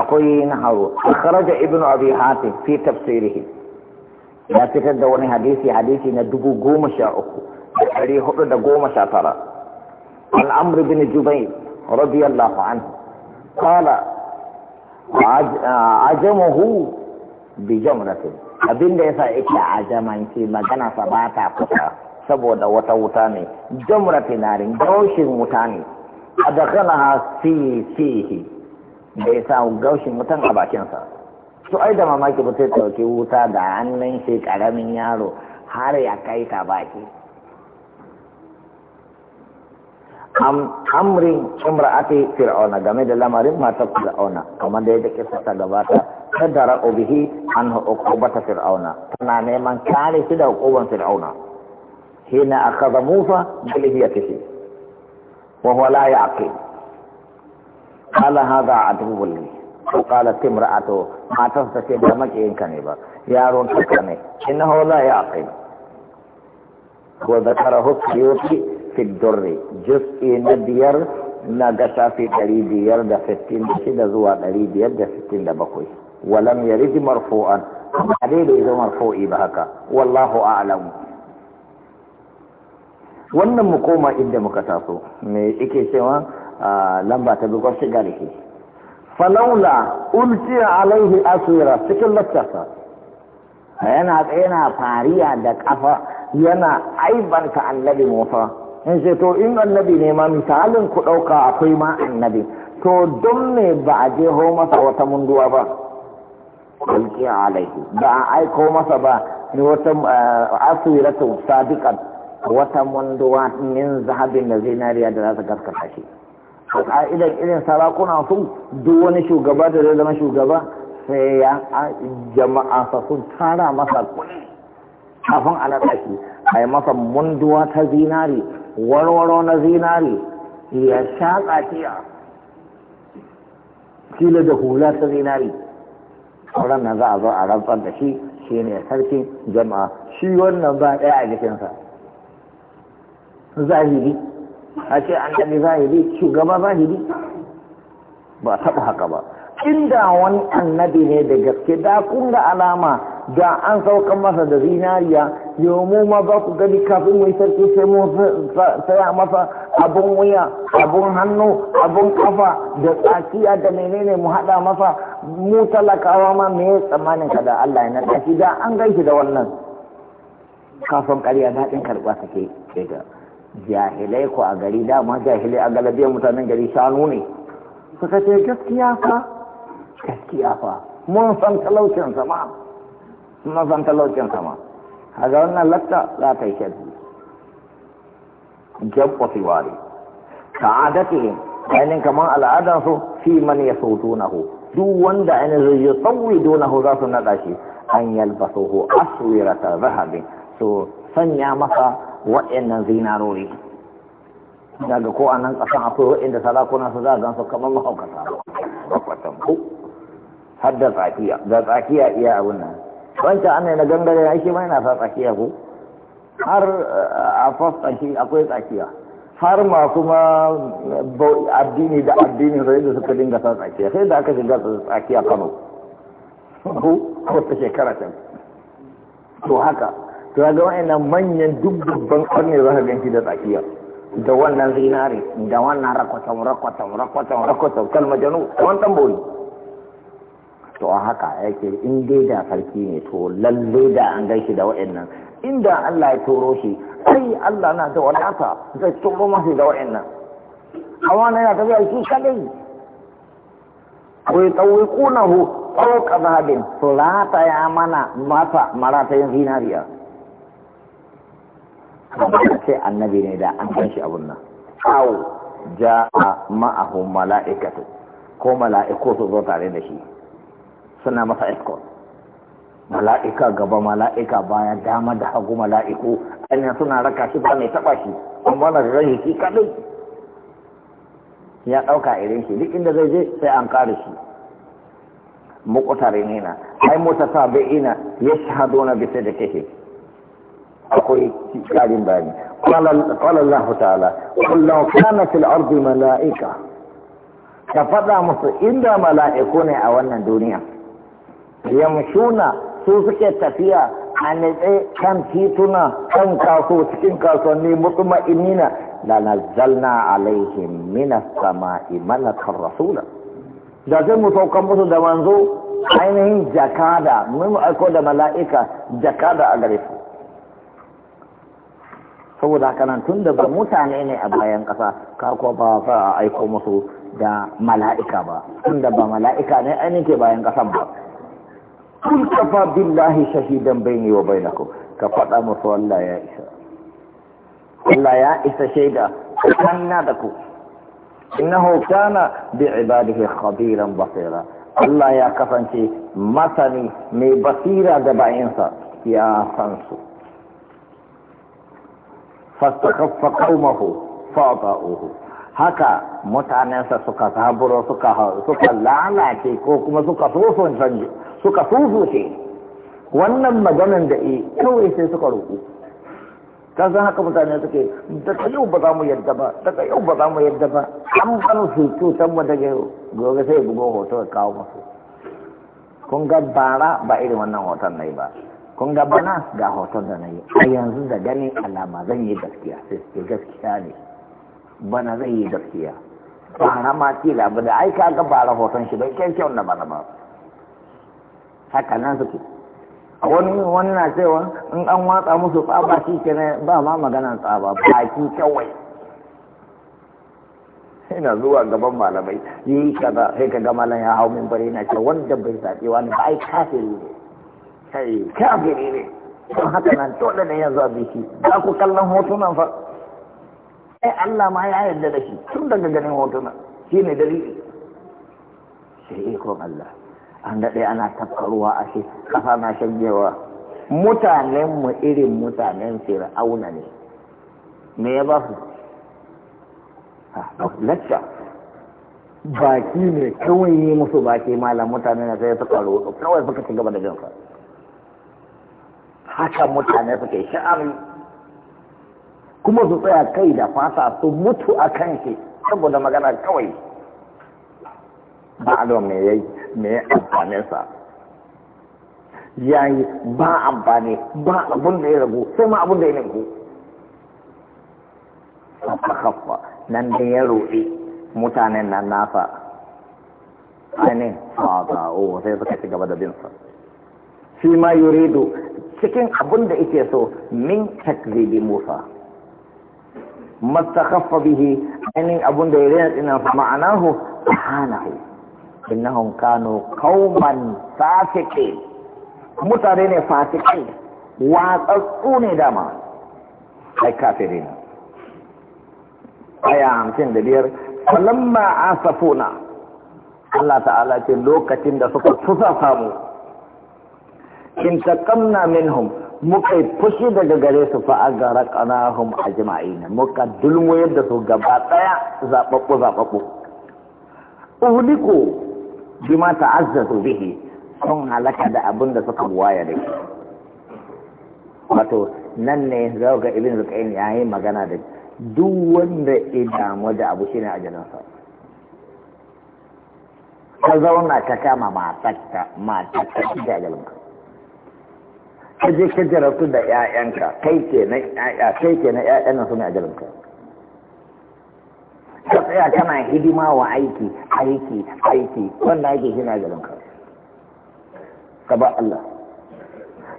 akwai naharu akhraja ibnu abi hatim fi tafsirihi ya fitar da wani hadisi hadisi na dubu goma sha uku da ɗari hudu da goma sha tara al'amr bin jubair radiyallahu anhu qala ajamuhu bi abinda yasa yake ajamanci magana sa ba ta fita saboda wata wuta ne na rin gaushin wuta ne A adkhalaha fi fihi da ya sa gaushin wutan a bakinsa. Su to ai da mamaki ba sai ɗauki wuta da hannun shi karamin yaro har ya kai ta baki am amrin ati fir'auna game da lamarin matar fir'auna kamar da da kisa ta gabata تدرأ به عنه عقوبة فرعون فنعني من كان كده عقوبة فرعون حين أخذ موسى بلهيته وهو لا يعقل قال هذا عدو لي وقالت امرأته ما تستطيع دمك إن كان يا رون تكني إنه لا يعقل وذكره السيوطي في الدر جزء نبير na في fi ɗari biyar da sittin da shida zuwa ɗari biyar da sittin da walam yarid marfu'an ba dai bai zama ba haka wallahu wannan mu koma inda muka taso me yake cewa lamba ta bi kwashi gariki falaula ultiya alaihi asira cikin lattasa yana yana fariya da kafa yana aibarta annabi musa in ce to in annabi ne ma misalin ku ɗauka akwai ma annabi to don me ba a jeho masa wata munduwa ba a alaihi ba a aiko masa ba ni wata eh, asiratu sadiqat wata munduwa min zahabin da zinariya da za ta gaskata shi a ka'idan irin sarakuna sun duk wani shugaba da zai zama shugaba sai ya jama'a sa sun tara masa kuɗi kafin a naɗa shi a yi masa munduwa ta zinari warwaro na zinari ya sha tsakiya kila da hula ta zinari Auren nan za a zo a rantsar da shi shi ne sarkin jama'a shi wannan ba ɗaya a jikinsa zahiri a ce an ɗabi zahiri shugaba zahiri ba taɓa haka ba inda wani annabi ne da gaske da kun ga alama da an saukan masa da zinariya mu ma za ku gani kafin mai sarki sai mu saya masa abun wuya abun hannu abun kafa da tsakiya da menene mu haɗa masa mu talakawa ma me tsammanin ka da Allah ya naɗa shi da an gaishe da wannan kafin ƙarya daɗin karɓa take ke jahilai ko a gari dama jahilai a galabiyar mutanen gari shanu ne suka ce gaskiya fa gaskiya fa mun san talaucin sama zan ta talaucin sama a ga wannan latta za ta yi shaɗi jabba fi wari ka ne ainihin kamar al'adansu fi man ya sautu na ho duk wanda ainihin zai yi dona donahu za su naɗa shi an yalbasu ho ta zahabin so sanya masa waɗannan zinarori daga ko a nan ƙasan akwai waɗanda sarakuna su za a gansu kamar mahaukata har da tsakiya da tsakiya iya abin nan wancan ana na gangare na shi ma yana sa tsakiya ko har eh, a fasfaki akwai tsakiya har ma kuma eh, addini da addini sai da suka dinga sa tsakiya sai da aka shiga tsakiya kano ko ta shekara ta to haka to ga wa'annan manyan duk dubban ƙarni za ka ganci da tsakiya da wannan zinari da wannan rakwatam rakwatam rakwatam rakwatam kalmajanu da wannan tambori to a haka yake in dai da sarki ne to lalle da an gaishe da wa'annan inda Allah ya turo shi ai Allah na da wadata zai toro masa da wa'annan amma na yana tafiya shi kadai ko ya tsawai kunahu tsawaka zahabin su ya mana mata maratayin zinariya ce annabi ne da an gaishe abun nan aw ja'a ma'ahu mala'ikatu ko mala'iku su zo tare da shi suna masa escort mala'ika gaba mala'ika baya dama da hagu mala'iku ainihin suna raka shi ba mai taba shi an bana ran shi kadai ya dauka irin shi duk inda zai je sai an kare shi muqtari ina na ai mutasabiina yashhaduna bi sidqihi akwai karin bayani qala Allah ta'ala qul law kana fil ardi mala'ika ka fada musu inda mala'iku ne a wannan duniya yamshuna su suke tafiya a nitse kan tituna kan kaso cikin kasuwanni mutuma inina la nazzalna alaihim sama imana kan rasula da zai mu saukan musu da manzo ainihin jakada mun aiko da mala'ika jakada a gare su saboda haka nan tun da ba mutane ne a bayan ƙasa ka ba a aiko musu da mala'ika ba tun da ba mala'ika ne ainihin ke bayan ƙasan ba kun kafa billahi shahidan bayni wa bainakum ka fad'a musu Allah ya isa Allah ya isa shaida kanna da ku innahu kana bi ibadihi khabiran basira Allah ya kasance masani mai basira da sa ya san su fastakaffa qaumahu fata'uhu haka mutanensa suka zaburo suka suka lalace ko kuma suka so son suka fufuce wannan maganan da e kawai sai suka roƙo ka zan haka mutane suke daga yau ba za mu yadda ba daga yau ba za mu yadda ba an ban su san mu daga yau gobe sai bugo hoto ya kawo masu kun ga bara ba irin wannan hoton na yi ba kun ga bana ga hoton da na yi a yanzu da ganin alama zan yi gaskiya sai suke gaskiya ne bana zan yi gaskiya bara ma kila ba da aika ga bara hoton shi bai kai kyau na bana ba haka nan suke a wani wannan cewa in an watsa musu tsaba shi ne ba ma magana tsaba baki kawai ina zuwa gaban malamai yi kaza sai ka ga malam ya hau min bare na ce wanda bai zaɓe wani ba ai kafiri ne kai kafiri ne don haka nan dole ne ya a biki. za ku kallon hotunan fa ai Allah ma ya yarda da shi tun daga ganin hotunan shi ne dalili sai ikon Allah an daɗe ana tafka ruwa a shi ƙasa na shagewa mutanenmu irin mutanen fir'auna ne me ya ah, ba su lacca baki ne kawai yi musu baki malam mutane na sai suka ruwa kawai suka ci gaba da jinsa haka mutane suke sha'ari kuma su tsaya kai da fasa su mutu a kan shi saboda magana kawai ba a mai yayi me amfaninsa sa yayi ba amfani ba abun da ya ragu sai ma abun da ya ragu haffa nan da ya roɗe mutanen nan nasa ainihin o sai suka ci gaba da binsa shi ma yurido cikin abun da ike so min takzibi musa mastakhaffa bihi ainihin abun da ya rena dinan ma'anahu hanahu innahum kanu qauman fasiqin mutane ne fasikai tsatsu ne dama ai kafiri ne aya hamsin da biyar falamma asafuna Allah ta'ala ce lokacin da suka tusa samu in takamna minhum muka fushi daga gare su fa agarqanahum ajma'in muka dulmo yadda su gaba daya zababbu zababbu uhliku bima ta'azzazu bihi sun halaka da abin da suka buwaya da shi wato nan ne za ga ibn rukayn ya yi magana da duk wanda ya damu da abu shine ajalinsa ka zauna ka kama matakka matakka da ajalinka ka je ka jarabtu da 'ya'yanka kai ke na 'ya'ya kai ke na nan su ne ka tsaya kana hidima wa aiki aiki aiki wanda ake shi na garin ka ka ba Allah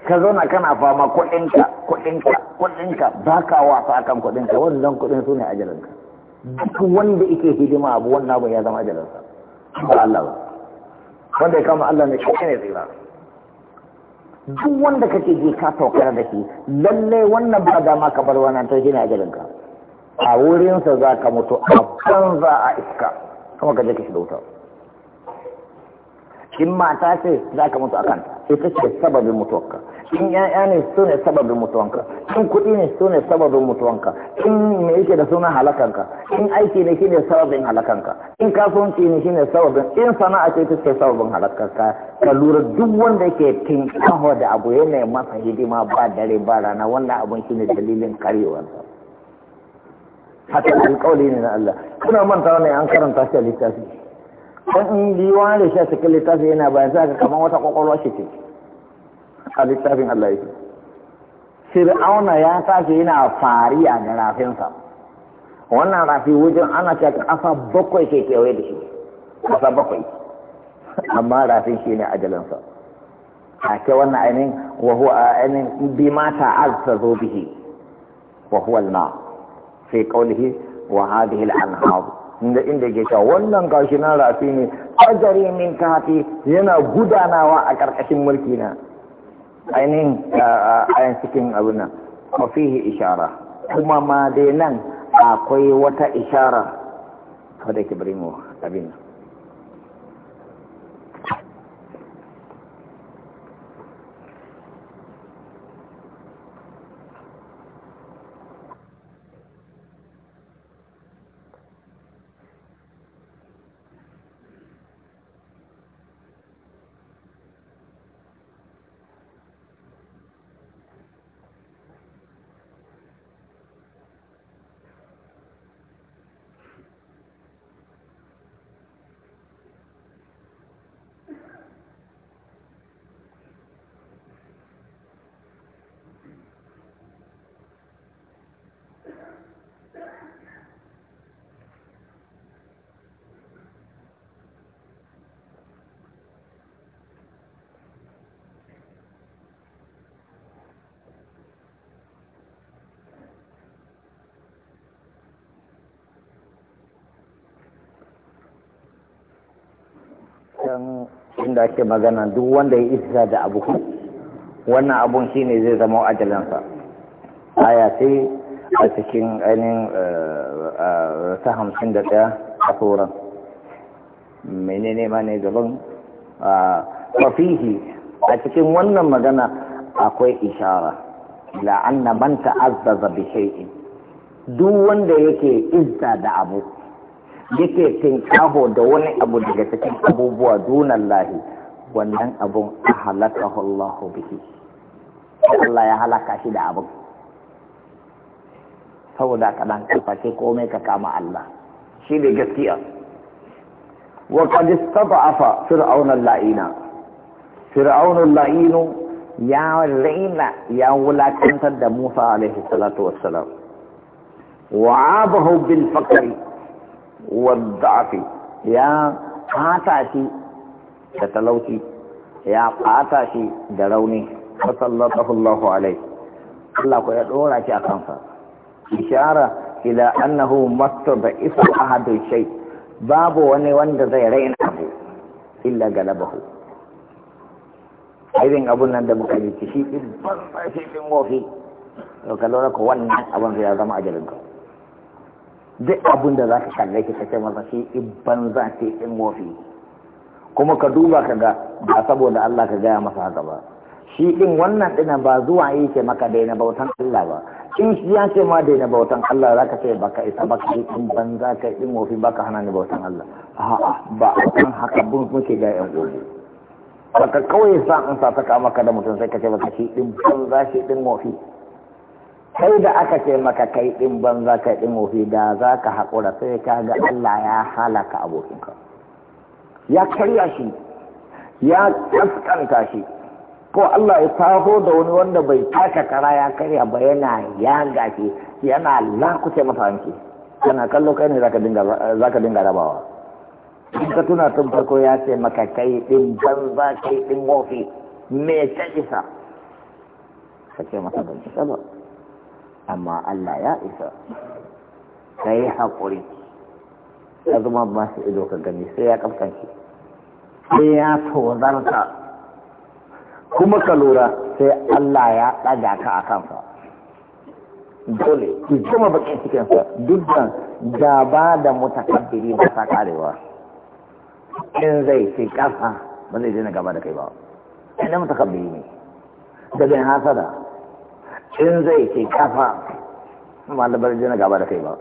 ka zauna kana fama kuɗinka kuɗinka kuɗinka ba ka wasa akan kuɗinka wannan kuɗin su ne ajalinka duk wanda yake hidima abu wannan abu ya zama ajalinsa ba Allah ba wanda ya kama Allah ne shi ne tsira duk wanda kake je ka saukar da shi lallai wannan ba dama ka bar wannan to shi ne ajalinka a wurinsa za ka mutu a za a iska kuma ka je ka shiga wuta in mata ce za ka mutu a kanta ita ce sababin mutuwanka in ya'ya ne su ne sababin mutuwanka in kuɗi ne su ne sababin mutuwanka in me yake da suna halakanka in aiki ne shi ne sababin halakanka in kasuwanci ne shi ne sababin in sana'a ce ita ce sababin halakanka ka lura duk wanda yake tinkaho da abu yana masa hidima ba dare ba rana wannan abun shi ne dalilin karewarsa haka alƙawari ne na Allah kuna manta ne an karanta shi a littafi kan in biyuwa da shi a cikin littafi yana bayan za ka kamar wata ƙwaƙwalwa shi ce a littafin Allah ya ce. Fir'auna ya tashi yana fari a rafinsa wannan rafi wajen ana ce ƙasa bakwai ke kewaye da shi ƙasa bakwai amma rafin shi ne ajalinsa a ke wannan ainihin wa huwa ainihin bi mata azza zo bihi wa huwa al fi qawlihi wa hadhihi al inda inda yake cewa wannan gashi na rafi ne tajari min tahti yana gudanawa a karkashin mulki na ainihin ayan cikin abin nan wa ishara kuma ma dai nan akwai wata ishara kada ki bari mu abin nan da ake magana duk wanda ya isa da abu wannan abun shi ne zai zama ajalansa aya sai a cikin ainihin eh, eh, ta hamsin da ɗaya a sauran menene ma ne gaban fafihi ah, a cikin wannan magana akwai ishara la'anna man ta azaza shay'in duk wanda yake izza da abu yake tinkaho da wani abu daga cikin abubuwa dunan lahi wannan abun a halakahu Allah bihi Allah ya halaka shi da abin saboda ka dan kafafe komai ka kama Allah shi ne gaskiya wa qad istad'afa fir'aun al-la'ina fir'aun al-la'inu ya laina ya wulakantar da Musa alaihi salatu wassalam wa abahu bil fakri wadda aka ya fata shi da talauci ya fata shi da rauni sallallahu alaihi Allah ko ya dora shi a kansa ishara ila annahu mastada isa ahadu shay babu wani wanda zai raina abu illa galabahu aibin abun nan da muka yi ci shi ibban sai cikin wofi to ka lura ko wannan abun zai zama ajalin ka duk abin da za ka kalle ki kake masa shi in banza ce in wofi kuma ka duba ka ga ba saboda Allah ka gaya masa haka ba shi din wannan dinan ba zuwa yi ke maka daina bautan Allah ba in shi ya ce ma daina bautan Allah za ka ce baka isa ba ka in banza ka in wofi baka hana ni bautan Allah a'a ba a kan haka bin muke ga yan gobe baka kawai sa an sa saka maka da mutum sai ka ce baka shi din banza shi din wofi sai da aka ce maka kai ɗin banza ka ɗin wofi da za ka haƙura sai ka ga Allah ya halaka abokinka ya karya shi ya kaskanta shi ko Allah ya taho da wani wanda bai taka kara ya karya ba yana yaga shi yana lakuce masa hanci yana kallo kai ne za ka dinga rabawa in ka tuna tun farko ya ce maka kai ɗin banza kai ɗin wofi me ta isa ka ce masa ban ba amma Allah ya isa ka yi haƙuri ka zama masu ido ka gani sai ya ƙafƙanci sai ya tozarta kuma ka lura sai Allah ya ɗaga ka a kansa dole ki baƙi bakin cikinsa duk da gaba da mutakabbiri ba ta karewa in zai ce ƙasa ba zai dina gaba da kai ba ina mutakabbiri ne daga bin hasada in zai ke kafa malabar jina gaba da kai ba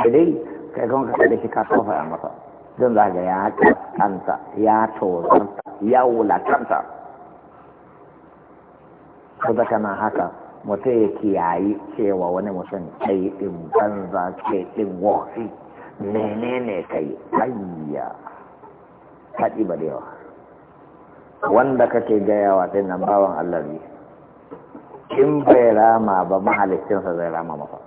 sai dai kai kan kasar da shi ka tofa ya masa don za ya kanta ya tozanta, ya wulakanta ko da kana haka mutum ya kiyayi cewa wani mutum kai din banza kai din wofi menene kai ayya faɗi ba da yawa wanda kake gayawa sai nan bawan Allah ne in bai rama ba mahalicinsa zai rama masa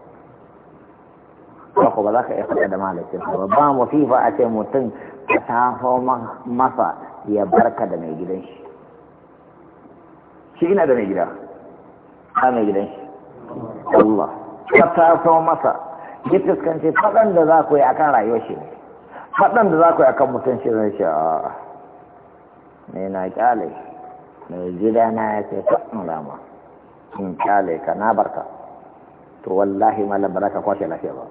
ko ba za ka iya faɗa da mahalicinsa ba ba fifa a ce mutum ka tafo masa ya barka da mai gidan shi shi ina da mai gida a mai gidan shi Allah ka tafo masa ya fuskanci faɗan da za ku yi akan rayuwar shi faɗan da za ku yi akan mutum shi zai ce a ne na kyale mai gida na ya ce faɗin rama in kyale ka na barka to wallahi malam ba za ka kwashe lafiya ba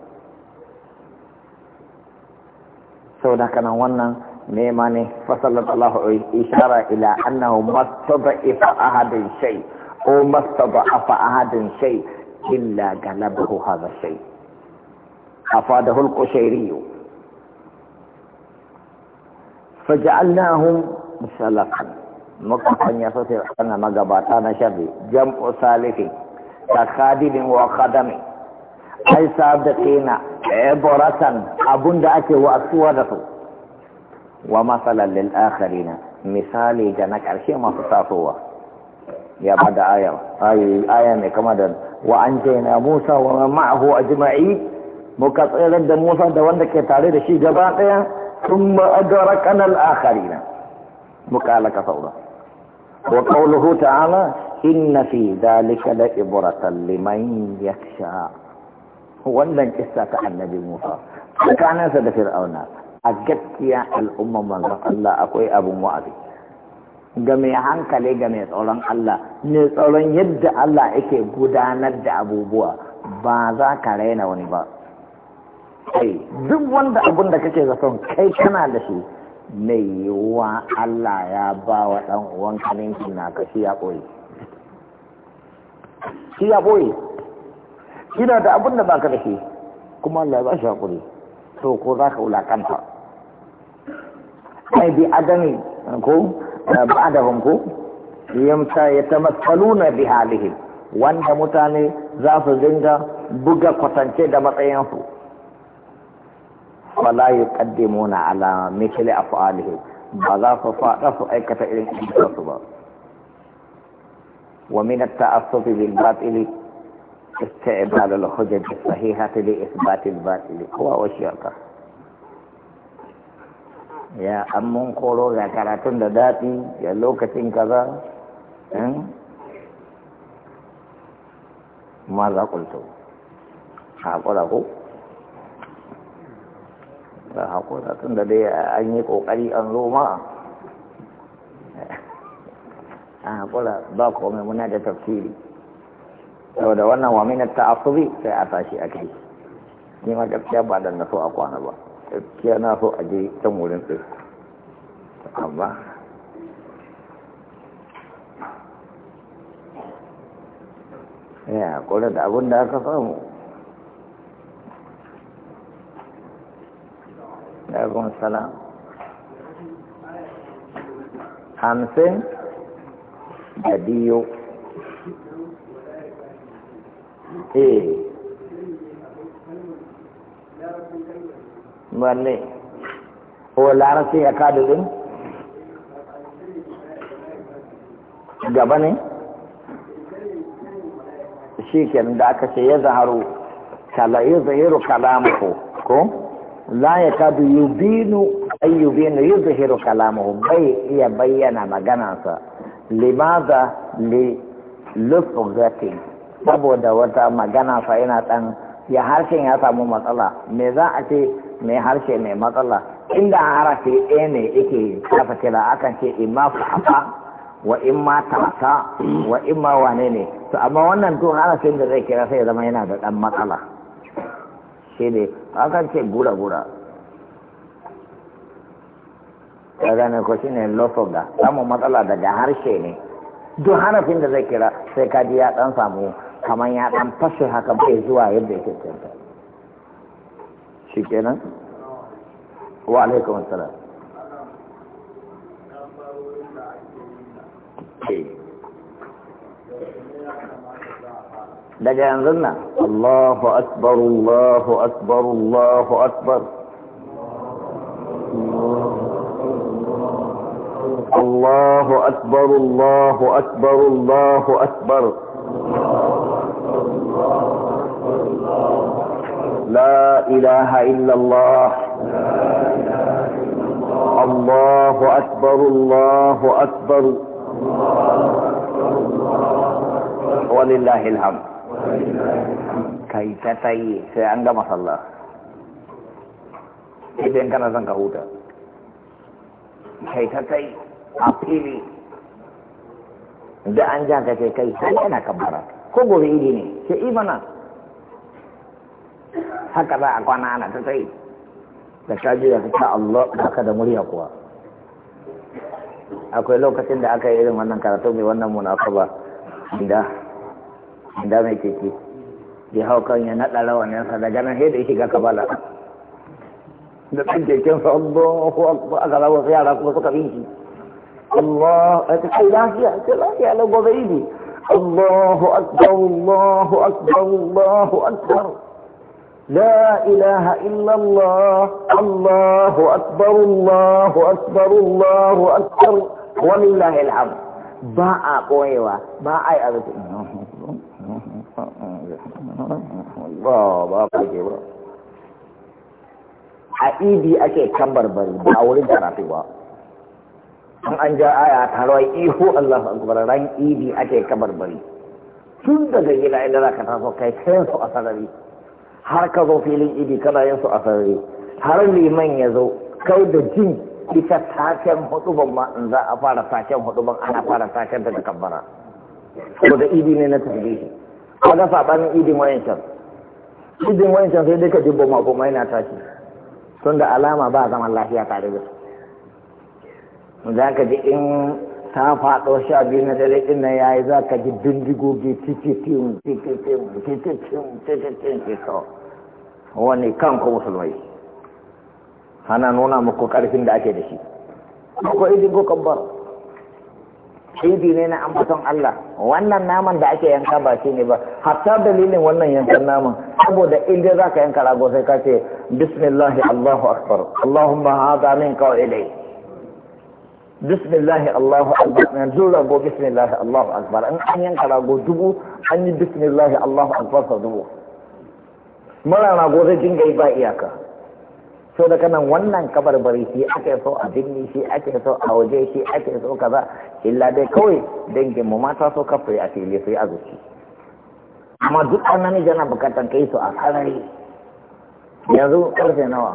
sau da kanan wannan nema ne fasallar Allah ishara ila annahu mastaba ifa ahadin shay o mastaba afa ahadin shay illa galabahu hadha shay afadahu al-qushayri فجعلناهم سلفا makafan ya sosai ana magabata na sharri jam'u salihin ta khadirin wa khadami ai sabdaqina ibratan eh, abunda ake wa'asuwa da su wa masalan lil akharina misali ga na karshe masu tasowa ya bada aya aya mai kama da wa anjayna musa wa ma'ahu ajma'i muka tsayar da musa da wanda ke tare da shi gaba daya thumma adrakanal akharina wa qawluhu ta'ala inna fi dhalika la ibratan liman yakhsha wannan kissa ta annabi Musa tsakaninsa da Fir'auna a gaskiya al'umma manzon Allah akwai abun wa'azi ga mai hankali ga mai tsoron Allah mai tsoron yadda Allah yake gudanar da abubuwa ba za ka raina wani ba duk wanda abun da kake zaton kai kana da shi mai yiwuwa Allah ya ba wa ɗan uwan kaninki na ka shi ya ɓoye shi ya ɓoye shi na da abin da ba ka da shi kuma Allah ya ba shi haƙuri to ko za ka wulaƙanta ai bi adani ko eh, ba da ko yamta ya na bi halihin. wanda mutane za su dinga buga kwatance da matsayinsu فلا يقدمون على مثل افعاله بذاك فاتف ايكتا الان انتصبا ومن التعصب بالباطل استعبال الخجج الصحيحة لإثبات الباطل هو وشيرك يا أمون قولوا ذكرتن لذاتي يا لوكة كذا ماذا قلت؟ أقول أقول da haƙura tun da dai an yi ƙoƙari an zo ma a haƙura ba komai muna da tafsiri saboda wannan wa minar asubi sai a tashi a kai ni ma gaskiya ba da na so a kwana ba gaskiya na so a je can wurin ɗin amma ya kula da abin da aka samu alaikun salam hamsin da biyu eh balle o larasi ya kadu din gaba ne shi da aka ce ya zaharu kala ya zahiru kalamu ko la ya kadu yubinu ayyubinu yuzhiru kalamuhu bai iya bayyana maganansa limaza li lufgatin saboda wata magana sa ina dan ya harshen ya samu matsala me za a ce me harshe mai matsala inda harafi ɗaya ne yake kafa kira akan ce imma fa'afa wa imma ta'ata wa imma wane ne to amma wannan to harafin da zai kira sai zama yana da dan matsala sai dai akan ce gura-gura ya gane ko shi ne losoga samun matsala daga harshe ne duk hanafin da zai kira sai kaji ya dan samu kamar ya dan fashe haka bai zuwa yadda yake kyauta shi kenan wa alaikum salam ده جاي الله اكبر الله اكبر الله اكبر الله اكبر الله اكبر الله اكبر لا اله الا الله الله اكبر الله اكبر ولله الحمد kai ta ta yi sai an gama sallah idan kana son ka huta kai ta ta yi a fili da an ja ka ce kai har yana kabbara ko gobe idi ne ce imana haka za a kwana ana ta tsaye da ka ji da ta Allah haka da murya kuwa akwai lokacin da aka yi irin wannan karatu mai wannan munafaba da Da mai keke ya hau kan ya naɗa rawaninsa daga nan sai da ya shiga kabala da ɗan keken sa Allahu akbar aka rawa sai yara kuma suka bin shi Allah a ta kai lafiya ta lafiya la gobe idi Allahu akbar Allahu akbar Allahu akbar لا إله إلا الله الله أكبر الله أكبر الله أكبر ولله الحمد ba ba ku ke ba a idi e ake barbari ba a wurin karatu ba an an ja aya tarwa ihu Allah akbar ran idi e ake barbari tun daga gida inda za ka taso kai kayan su a sarari har ka zo filin idi e kana yin su a sarari har liman ya zo kau da jin ita taken ban ma in za a fara taken ban, ana fara taken daga kabbara ko da idi ne na tafi shi ko da sabanin Idi mayan can mijin wancan sai dai ka mako mai na yana tashi tun da alama ba zaman lafiya tare da su za ka ji in ta faɗo sha biyu na dare ɗin nan yayi za ka ji bindigogi tititin tititin tititin tititin ke kawo wani kan ko musulmai ana nuna muku karfin da ake da shi ko idin ko kabbar aibi ne na ambaton Allah wannan naman da ake yanka ba shi ne ba hatta dalilin wannan yankan naman saboda inda za ka yanka rago sai ka ce bismillahi allahu akbar allahumma hada min kawai ilai bismillahi allahu akbar na zo rago bismillahi allahu akbar in an yanka rago dubu an yi bismillahi allahu akbar sa dubu mara rago zai dinga yi ba iyaka so da kanan wannan kabarbari shi ake so a binni shi ake so a waje shi ake so kaza illa dai kawai dangin mu mata so kafa a fili sai a zuci amma duk an namiji jana bukatan kai su a sarari yanzu karfe nawa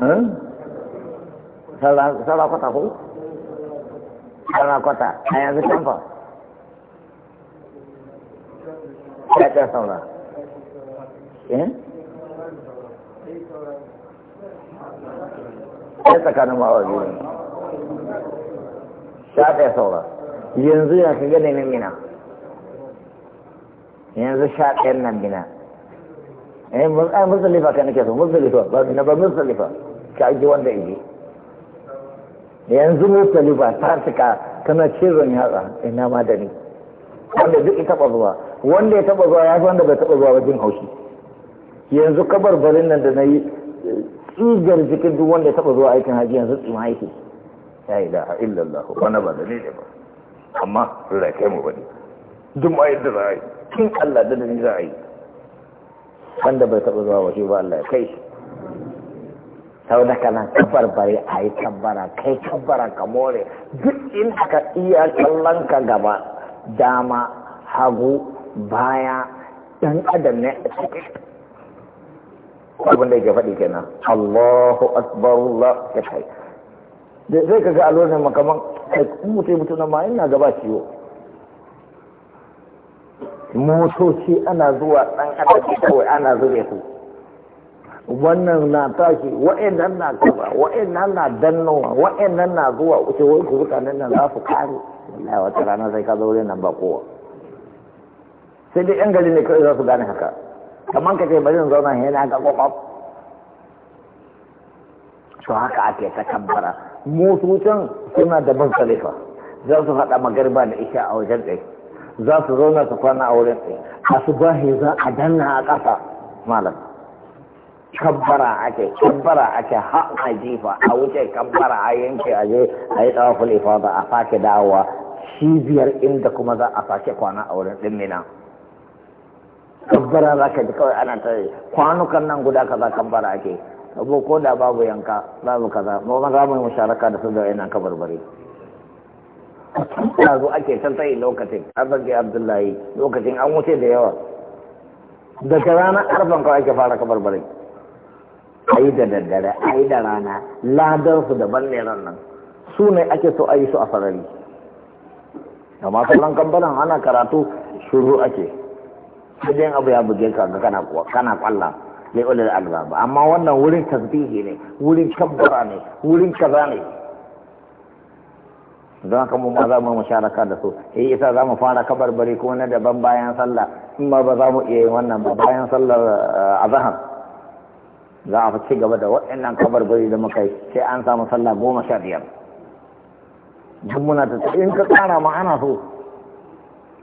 hmm? saura saura kwata ko saura kwata a yanzu kamfa? ya ce saura eh? ya tsakanin mawazi ne sha ɗaya saura yanzu ya ka gane na mina yanzu sha ɗayan nan mina eh musulufa ka nake so musulufa ba na ba musulufa ka ji wanda iji yanzu musulufa ta cika tana cizon yatsa ina madani wanda duk ya taɓa zuwa wanda ya taɓa zuwa ya fi wanda bai taɓa zuwa wajen haushi yanzu kabarbarin nan da na yi tsigar jikin duk wanda ya taɓa zuwa aikin haji yanzu tsima yake ya yi da illallah wani ba da ne ba amma da kai mu bane duk ma yadda za a yi tun Allah da ni za a yi wanda bai taɓa zuwa waje ba Allah ya kai shi sau da kana kabarbare a yi tabbara kai tabbara ka more duk in aka iya kallon ka gaba dama hagu baya dan adam ne a cikin abin da ya faɗi kenan Allahu akbar Allah ya kai da zai kaga a lokacin makaman kai mutum mutum ma ina gaba ciwo motoci ana zuwa ɗan adam kawai ana zube ku wannan na tashi wa'annan na kaza wa'annan na dannowa wa'annan na zuwa wuce wai ku mutanen nan za su kare wallahi wata rana sai ka ne nan ba kowa sai dai yan gari ne kawai za su gane haka kamar ka ce bari zan zauna yana ga kwakwaf to haka ake ta tambara musu suna da ban salifa za su faɗa magarba da isha a wajen ɗai za su zauna su kwana a wurin ɗai a su ba za a danna a ƙasa malam kabbara ake kabbara ake ha a jifa a wuce kabbara a yanke a je a yi tsawafin ifada a sake dawowa cibiyar inda kuma za a sake kwana a wurin ɗin mina. kabbara za ka ji kawai ana ta kwanukan nan guda kaza bara ake abu ko da babu yanka babu kaza mu ma za mu yi musharaka da su da yana kabarbare yanzu ake can tsaye lokacin arzaki abdullahi lokacin an wuce da yawa daga ranar arfan kawai ake fara kabarbare a yi da daddare a yi da rana ladarsu daban ne nan su ne ake so a yi su a farari amma sauran kambaran ana karatu shuru ake sai abu ya buge ka ga kana kana kwalla lai ulil albab amma wannan wurin tasbihi ne wurin kabbara ne wurin kaza ne don haka mu ma za mu musharaka da su eh isa za mu fara kabarbari ko na daban bayan sallah in ma ba za mu iya yin wannan ba bayan sallar eh, azhar za a ci gaba da waɗannan kabarbari da muka yi sai an samu sallah goma sha biyar duk muna ta in ka kara ma ana so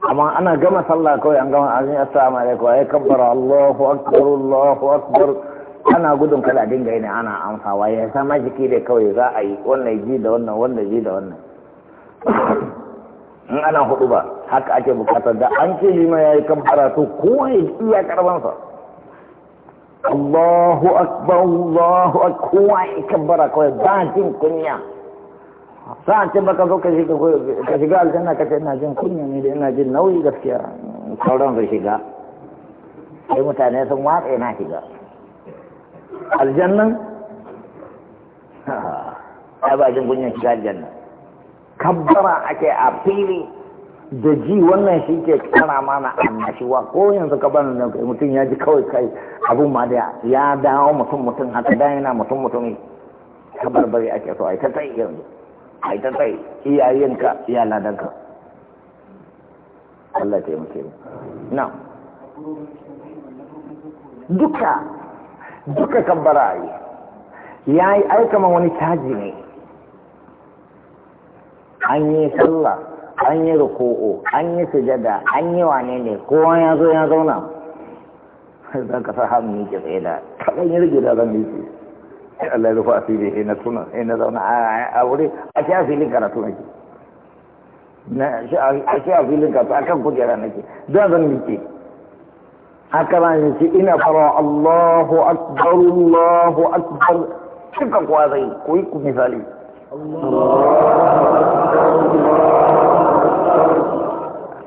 amma ana gama sallah kawai an gama azumi assalamu alaikum ai kabbara Allahu akbar Allahu akbar ana gudun kada dinga yana ana amsawa ya sama jiki da kawai za a yi wannan ji da wannan wannan ji da wannan in ana hudu ba haka ake bukatar da an ce lima ya yi kabbara to ko ya iya sa Allahu akbar Allahu akbar kawai ba jin kunya sa'an ce baka zo ka shiga aljanna ka ce ina jin kunya ne da ina jin nauyi gaskiya sauran zai shiga sai mutane sun watsa yana shiga aljannan ya ba jin kunya shiga aljanna kabbara ake a fili da ji wannan shi ke kara mana annashiwa ko yanzu ka bani nan kai mutum ya ji kawai kai abun ma da ya dawo mutum mutum haka da yana mutum mutum kabarbari ake so ai ta tsaye yanzu a ita tsaye iyayenka ya ladanka Allah ta yi muke na duka duka kabbara yi ya yi aikaman wani caji ne an yi sallah an yi ruku'u an yi sujada an yi wane ne kowa ya zo ya zauna zan ka sa hannu ke tsaye da kaɗan yi rigida zan yi su sai Allah ya rufa asiri sai na tuna sai na zauna a wuri a shi a filin karatu nake a shi a filin karatu a kan kujera nake don zan miƙe haka ba ni ce ina fara Allahu akbar Allahu akbar cikin kuwa zai koyi ku misali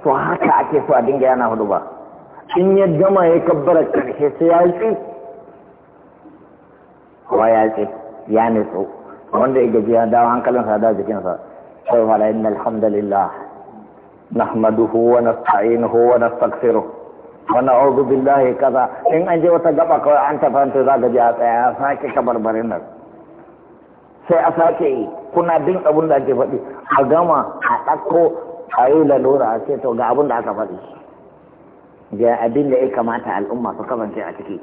to haka ake so a dinga yana hudu ba in ya gama ya kabbara karshe sai ya yi kowa ya ce ya nitsu wanda ya gaji ya dawo hankalinsa da jikinsa sai fara inna alhamdulillah je wata gaba ونعوذ an كذا إن أنجي وتقبع كوي a فأنت ذاك جاءت أساكي كبر nan. sai a sake kuna bin abin da ake faɗi a gama a ɗakko a yi lalura a ce to ga abin da aka faɗi ga abin da ya kamata al'umma su kasance a ciki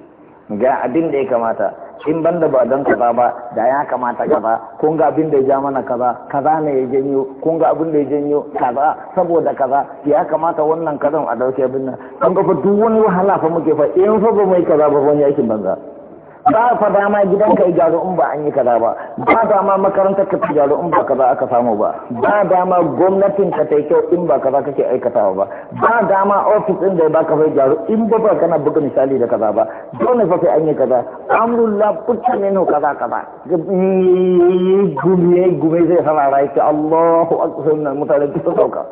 ga abin da ya kamata in banda ba don kaza ba da ya kamata kaza kun ga abin da ya ja mana kaza kaza ne ya janyo kun ga abin da ya janyo kaza saboda kaza ya kamata wannan kazan a dauke abin nan an ga duk wani wahala fa muke fa in fa ba mai kaza ba ban yakin banza ba fa dama gidanka ya gyaru in ba an yi kaza ba ba dama makarantar ka ta gyaru in ba kaza aka samu ba ba dama gwamnatin ka ta yi kyau in ba kaza kake aikatawa ba ba dama ofis din da ya baka bai gyaru in ba ba kana buga misali da kaza ba dole fa sai an yi kaza amrullah ne no kaza kaza gumiye gumiye zai sarara yake Allahu akbar nan mutane su sauka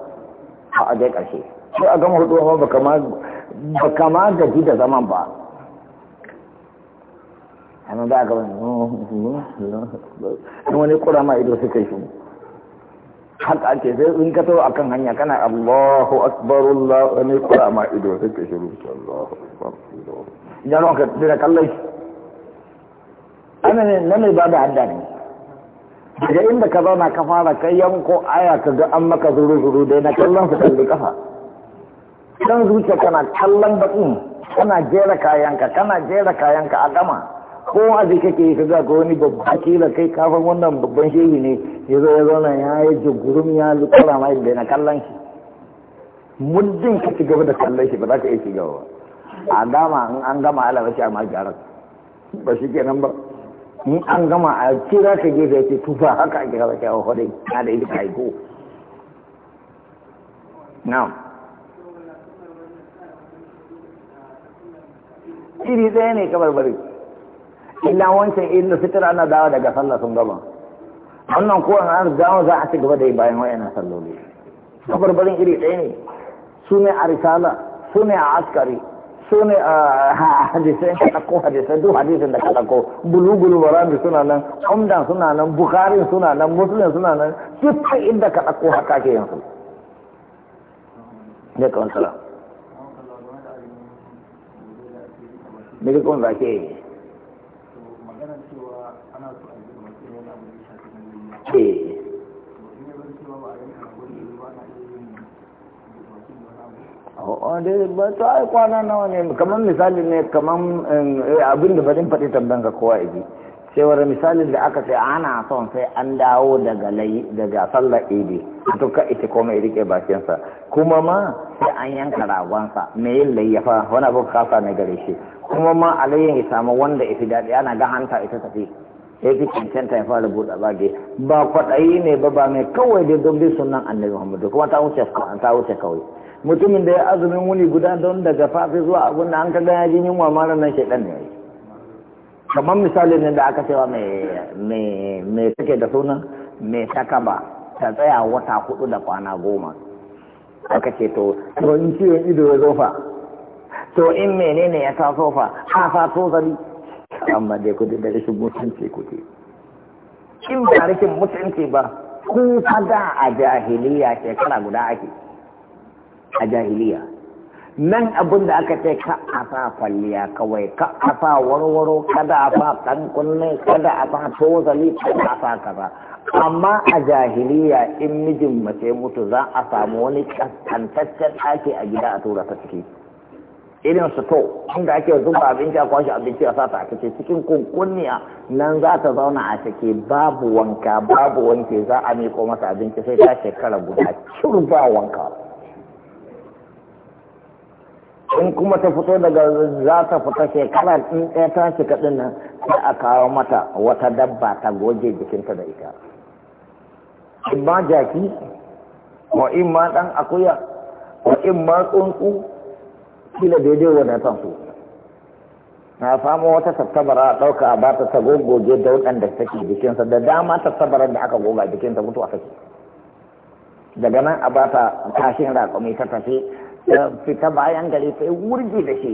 a dai karshe sai a gama hudu ba kama ba kama gaji da zaman ba ana za a gaba ne wani kura ma ido suka yi shi haka ake sai in ka tawo akan hanya kana Allahu akbar Allah wani kura ma ido suka yi shiru Allahu akbar idan ka dira kallai ana ne na mai da hada ne daga inda ka zauna ka fara kai yanko aya ka ga an maka zuru zuru dai na kallon su kalli kafa dan zuciya kana kallon bakin kana jera kayanka kana jera kayanka a gama ko aji kake yi ga ko wani babba kila kai kafin wannan babban shehi ne ya zo ya zauna ya yi jigurum ya lukura ma yadda na kallon shi muddin ka ci gaba da kallon shi ba za ka iya ci gaba ba a gama in an gama ala bashi a magyarar ba shi kenan ba in an gama a kira ka gefe ce tufa haka ake kaza kyawa hudai na da ita haiko na'am iri ɗaya ne kamar bari illa wancan illa fitar ana dawa daga sallah sun gama wannan ko an dawo za a ci gaba da yi bayan wayannan salloli kabarbarin iri ɗaya ne su ne a risala su ne a askari su ne a hadisai ka ɗauko hadisai duk hadisin da ka ɗauko bulugulu marami suna nan umdan suna nan bukari suna nan musulun suna nan dukkan inda ka ɗauko haka ke yanzu ne kawai salam ne kawai za ke yi Eh. Oh, oh, ba ta ai kwana nawa ne kamar misali ne kamar eh, eh, abin da barin faɗi ga kowa iji cewar misalin da aka sai ana son sai an dawo daga layi daga sallar idi duka ita koma ya rike bakinsa kuma ma sai an yanka ragon sa me yin layyafa wani abu kasa na gare shi kuma ma alayyan ya samu wanda ya fi daɗi ana ga hanta ita tafi ya fi cancanta ya fara buɗa bage ba kwaɗayi ne ba ba mai kawai dai don bi sunan annabi muhammadu kuma ta wuce ta wuce kawai mutumin da ya azumin wuni guda don daga fafi zuwa abin da an ka gaya jin yunwa mara nan shaidan ne kamar misali ne da aka cewa mai take da sunan mai saka ba ta tsaya wata hudu da kwana goma aka ce to ciwon ido ya zofa to in menene ya taso fa ha fa to zari amma dai kudi da rashin mutunci kuke in ba rashin mutunci ba kun da a jahiliya shekara guda ake a jahiliya nan abin da aka ce ka a sa kwalliya kawai ka a sa warwaro kada a sa ɗan kunne kada a sa tozali kada a sa kaza amma a jahiliya in mijin mace mutu za a samu wani kaskantaccen ɗaki a gida a tura ta ciki irin su to inda ake zuba abinci a kwashe abinci a sata a kace cikin kunkunniya nan za ta zauna a cike babu wanka babu wanke za a miko masa abinci sai ta shekara guda cur ba wanka in kuma ta fito daga za ta fita shekara in ɗaya ta shiga ɗin nan sai a kawo mata wata dabba ta goge jikinta da ita in ma jaki wa in ma ɗan akuya wa in ma tsuntsu kila daidai wadatan su na samu wata tattabara a ɗauka a bata ta gogoge da waɗanda take jikinsa da dama tattabarar da aka goga jikinta mutu a take daga nan a bata tashin raƙumi ta tafi ta fita bayan gari ta wurgi da shi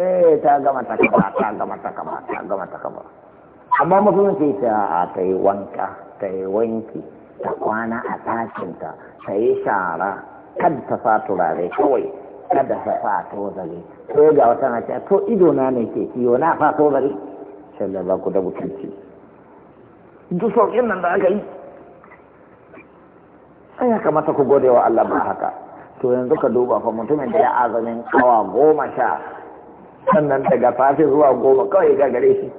eh ta gama ta kaba ta gama ta kaba ta gama ta kaba amma musulunci ta ta yi wanka ta yi wanki ta kwana a tashinta ta yi shara kan ta sa turare kawai kada fa fa to zare ko ga wata na ce to ido na ne ke ciwo na fa to zare sallan ba ku da mutunci duk sauƙin nan da aka yi sai ya kamata ku gode wa Allah ba haka to yanzu ka duba fa mutumin da ya azamin awa goma sha sannan daga fafi zuwa goma kawai ga gare shi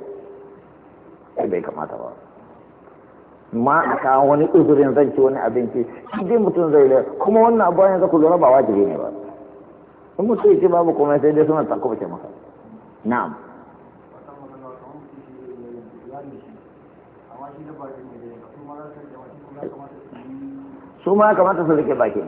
sai bai kamata ba ma a kawo wani uzurin zan ci wani abinci shi mutum zai kuma wannan abuwa yanzu ku lura ba wajibi ne ba in mutum ya ce babu komai sai dai suna takwabce maka na'am su ma kamata su rike baki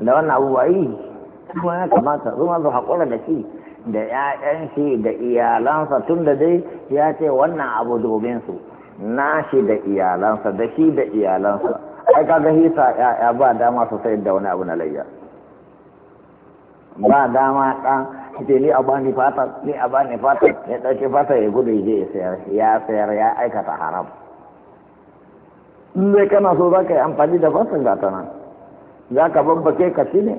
da wannan abubuwa yi eh, kuma ya kamata su ma su haƙura da shi da ‘ya'yan shi da iyalansa tun da dai ya ce wannan abu domin su na shi da iyalansa da shi da iyalansa ai kaga hisa ‘ya'ya ba dama sosai da wani abu na layya ba dama ɗa ce ni a bani fatar ni a bani fatar ya ɗauki fatar ya gudu ya je ya sayar ya aikata haram in kana so za ka yi amfani da fasin gata nan za ka babbake ka ci ne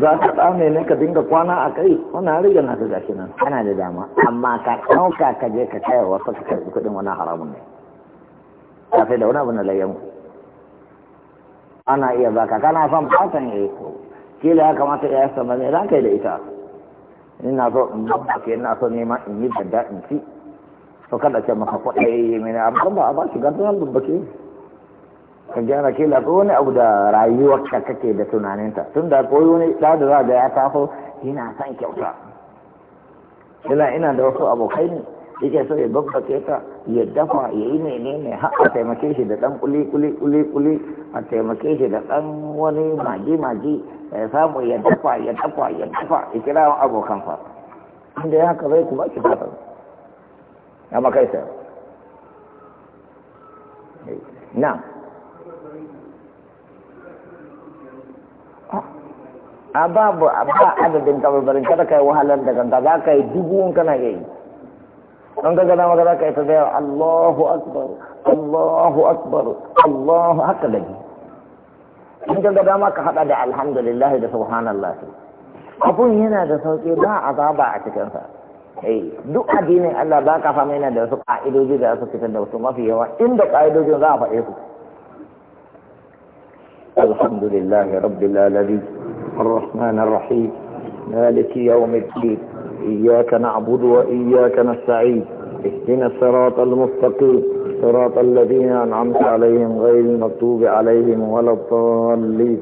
za ka ɗame ne ka dinga kwana a kai wannan riga na ka gashi nan ana da dama amma ka ɗauka ka je ka kai wasu ka karɓi kuɗin wani haramun ne ka da wani abu na layyanku ana iya baka kana son fatan ya yi ko kila ya kamata ya yasa ba ne za ka yi da ita ina zo in ba ke ina so nema in yi da in ci to kada ce maka kwaɗayi na amma ba a ba shi gantunan babbake ka gyara kila ko wani abu da rayuwar ka kake da tunaninta tun da ko wani ɗa da za ga ya taso yana son kyauta ina ina da wasu abokai ne yake so ya babbake ta ya dafa ya yi ne har a taimake shi da dan kuli kuli kuli kuli a taimake shi da dan wani maji maji ya samu ya dafa ya dafa ya dafa ya kira abokan fa inda ya haka zai kuma ki fata na makai sa na a babu a ba adadin kabarbarin kada ka yi wahalar da kanka za ka yi dubu kana yayi من قال ما كيف ذا الله أكبر الله أكبر الله أكبر من قال ذا ما الحمد لله سبحان الله أبو هنا ده سوكي لا عذاب أعتكم فا أي دعاء ديني الله ذا كفا منا ده سوكا إدوج ده سوكي تندو سما فيه وإن دك إدوج ذا فايه الحمد لله رب العالمين الرحمن الرحيم مالك يوم الدين إياك نعبد وإياك نستعين اهدنا الصراط المستقيم صراط الذين أنعمت عليهم غير المكتوب عليهم ولا الضالين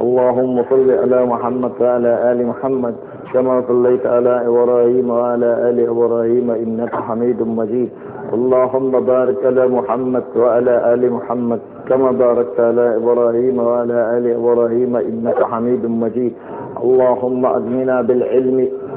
اللهم صل على محمد وعلى آل محمد كما صليت على إبراهيم وعلى آل إبراهيم إنك حميد مجيد اللهم بارك على محمد وعلى آل محمد كما باركت على إبراهيم وعلى آل إبراهيم إنك حميد مجيد اللهم أغننا بالعلم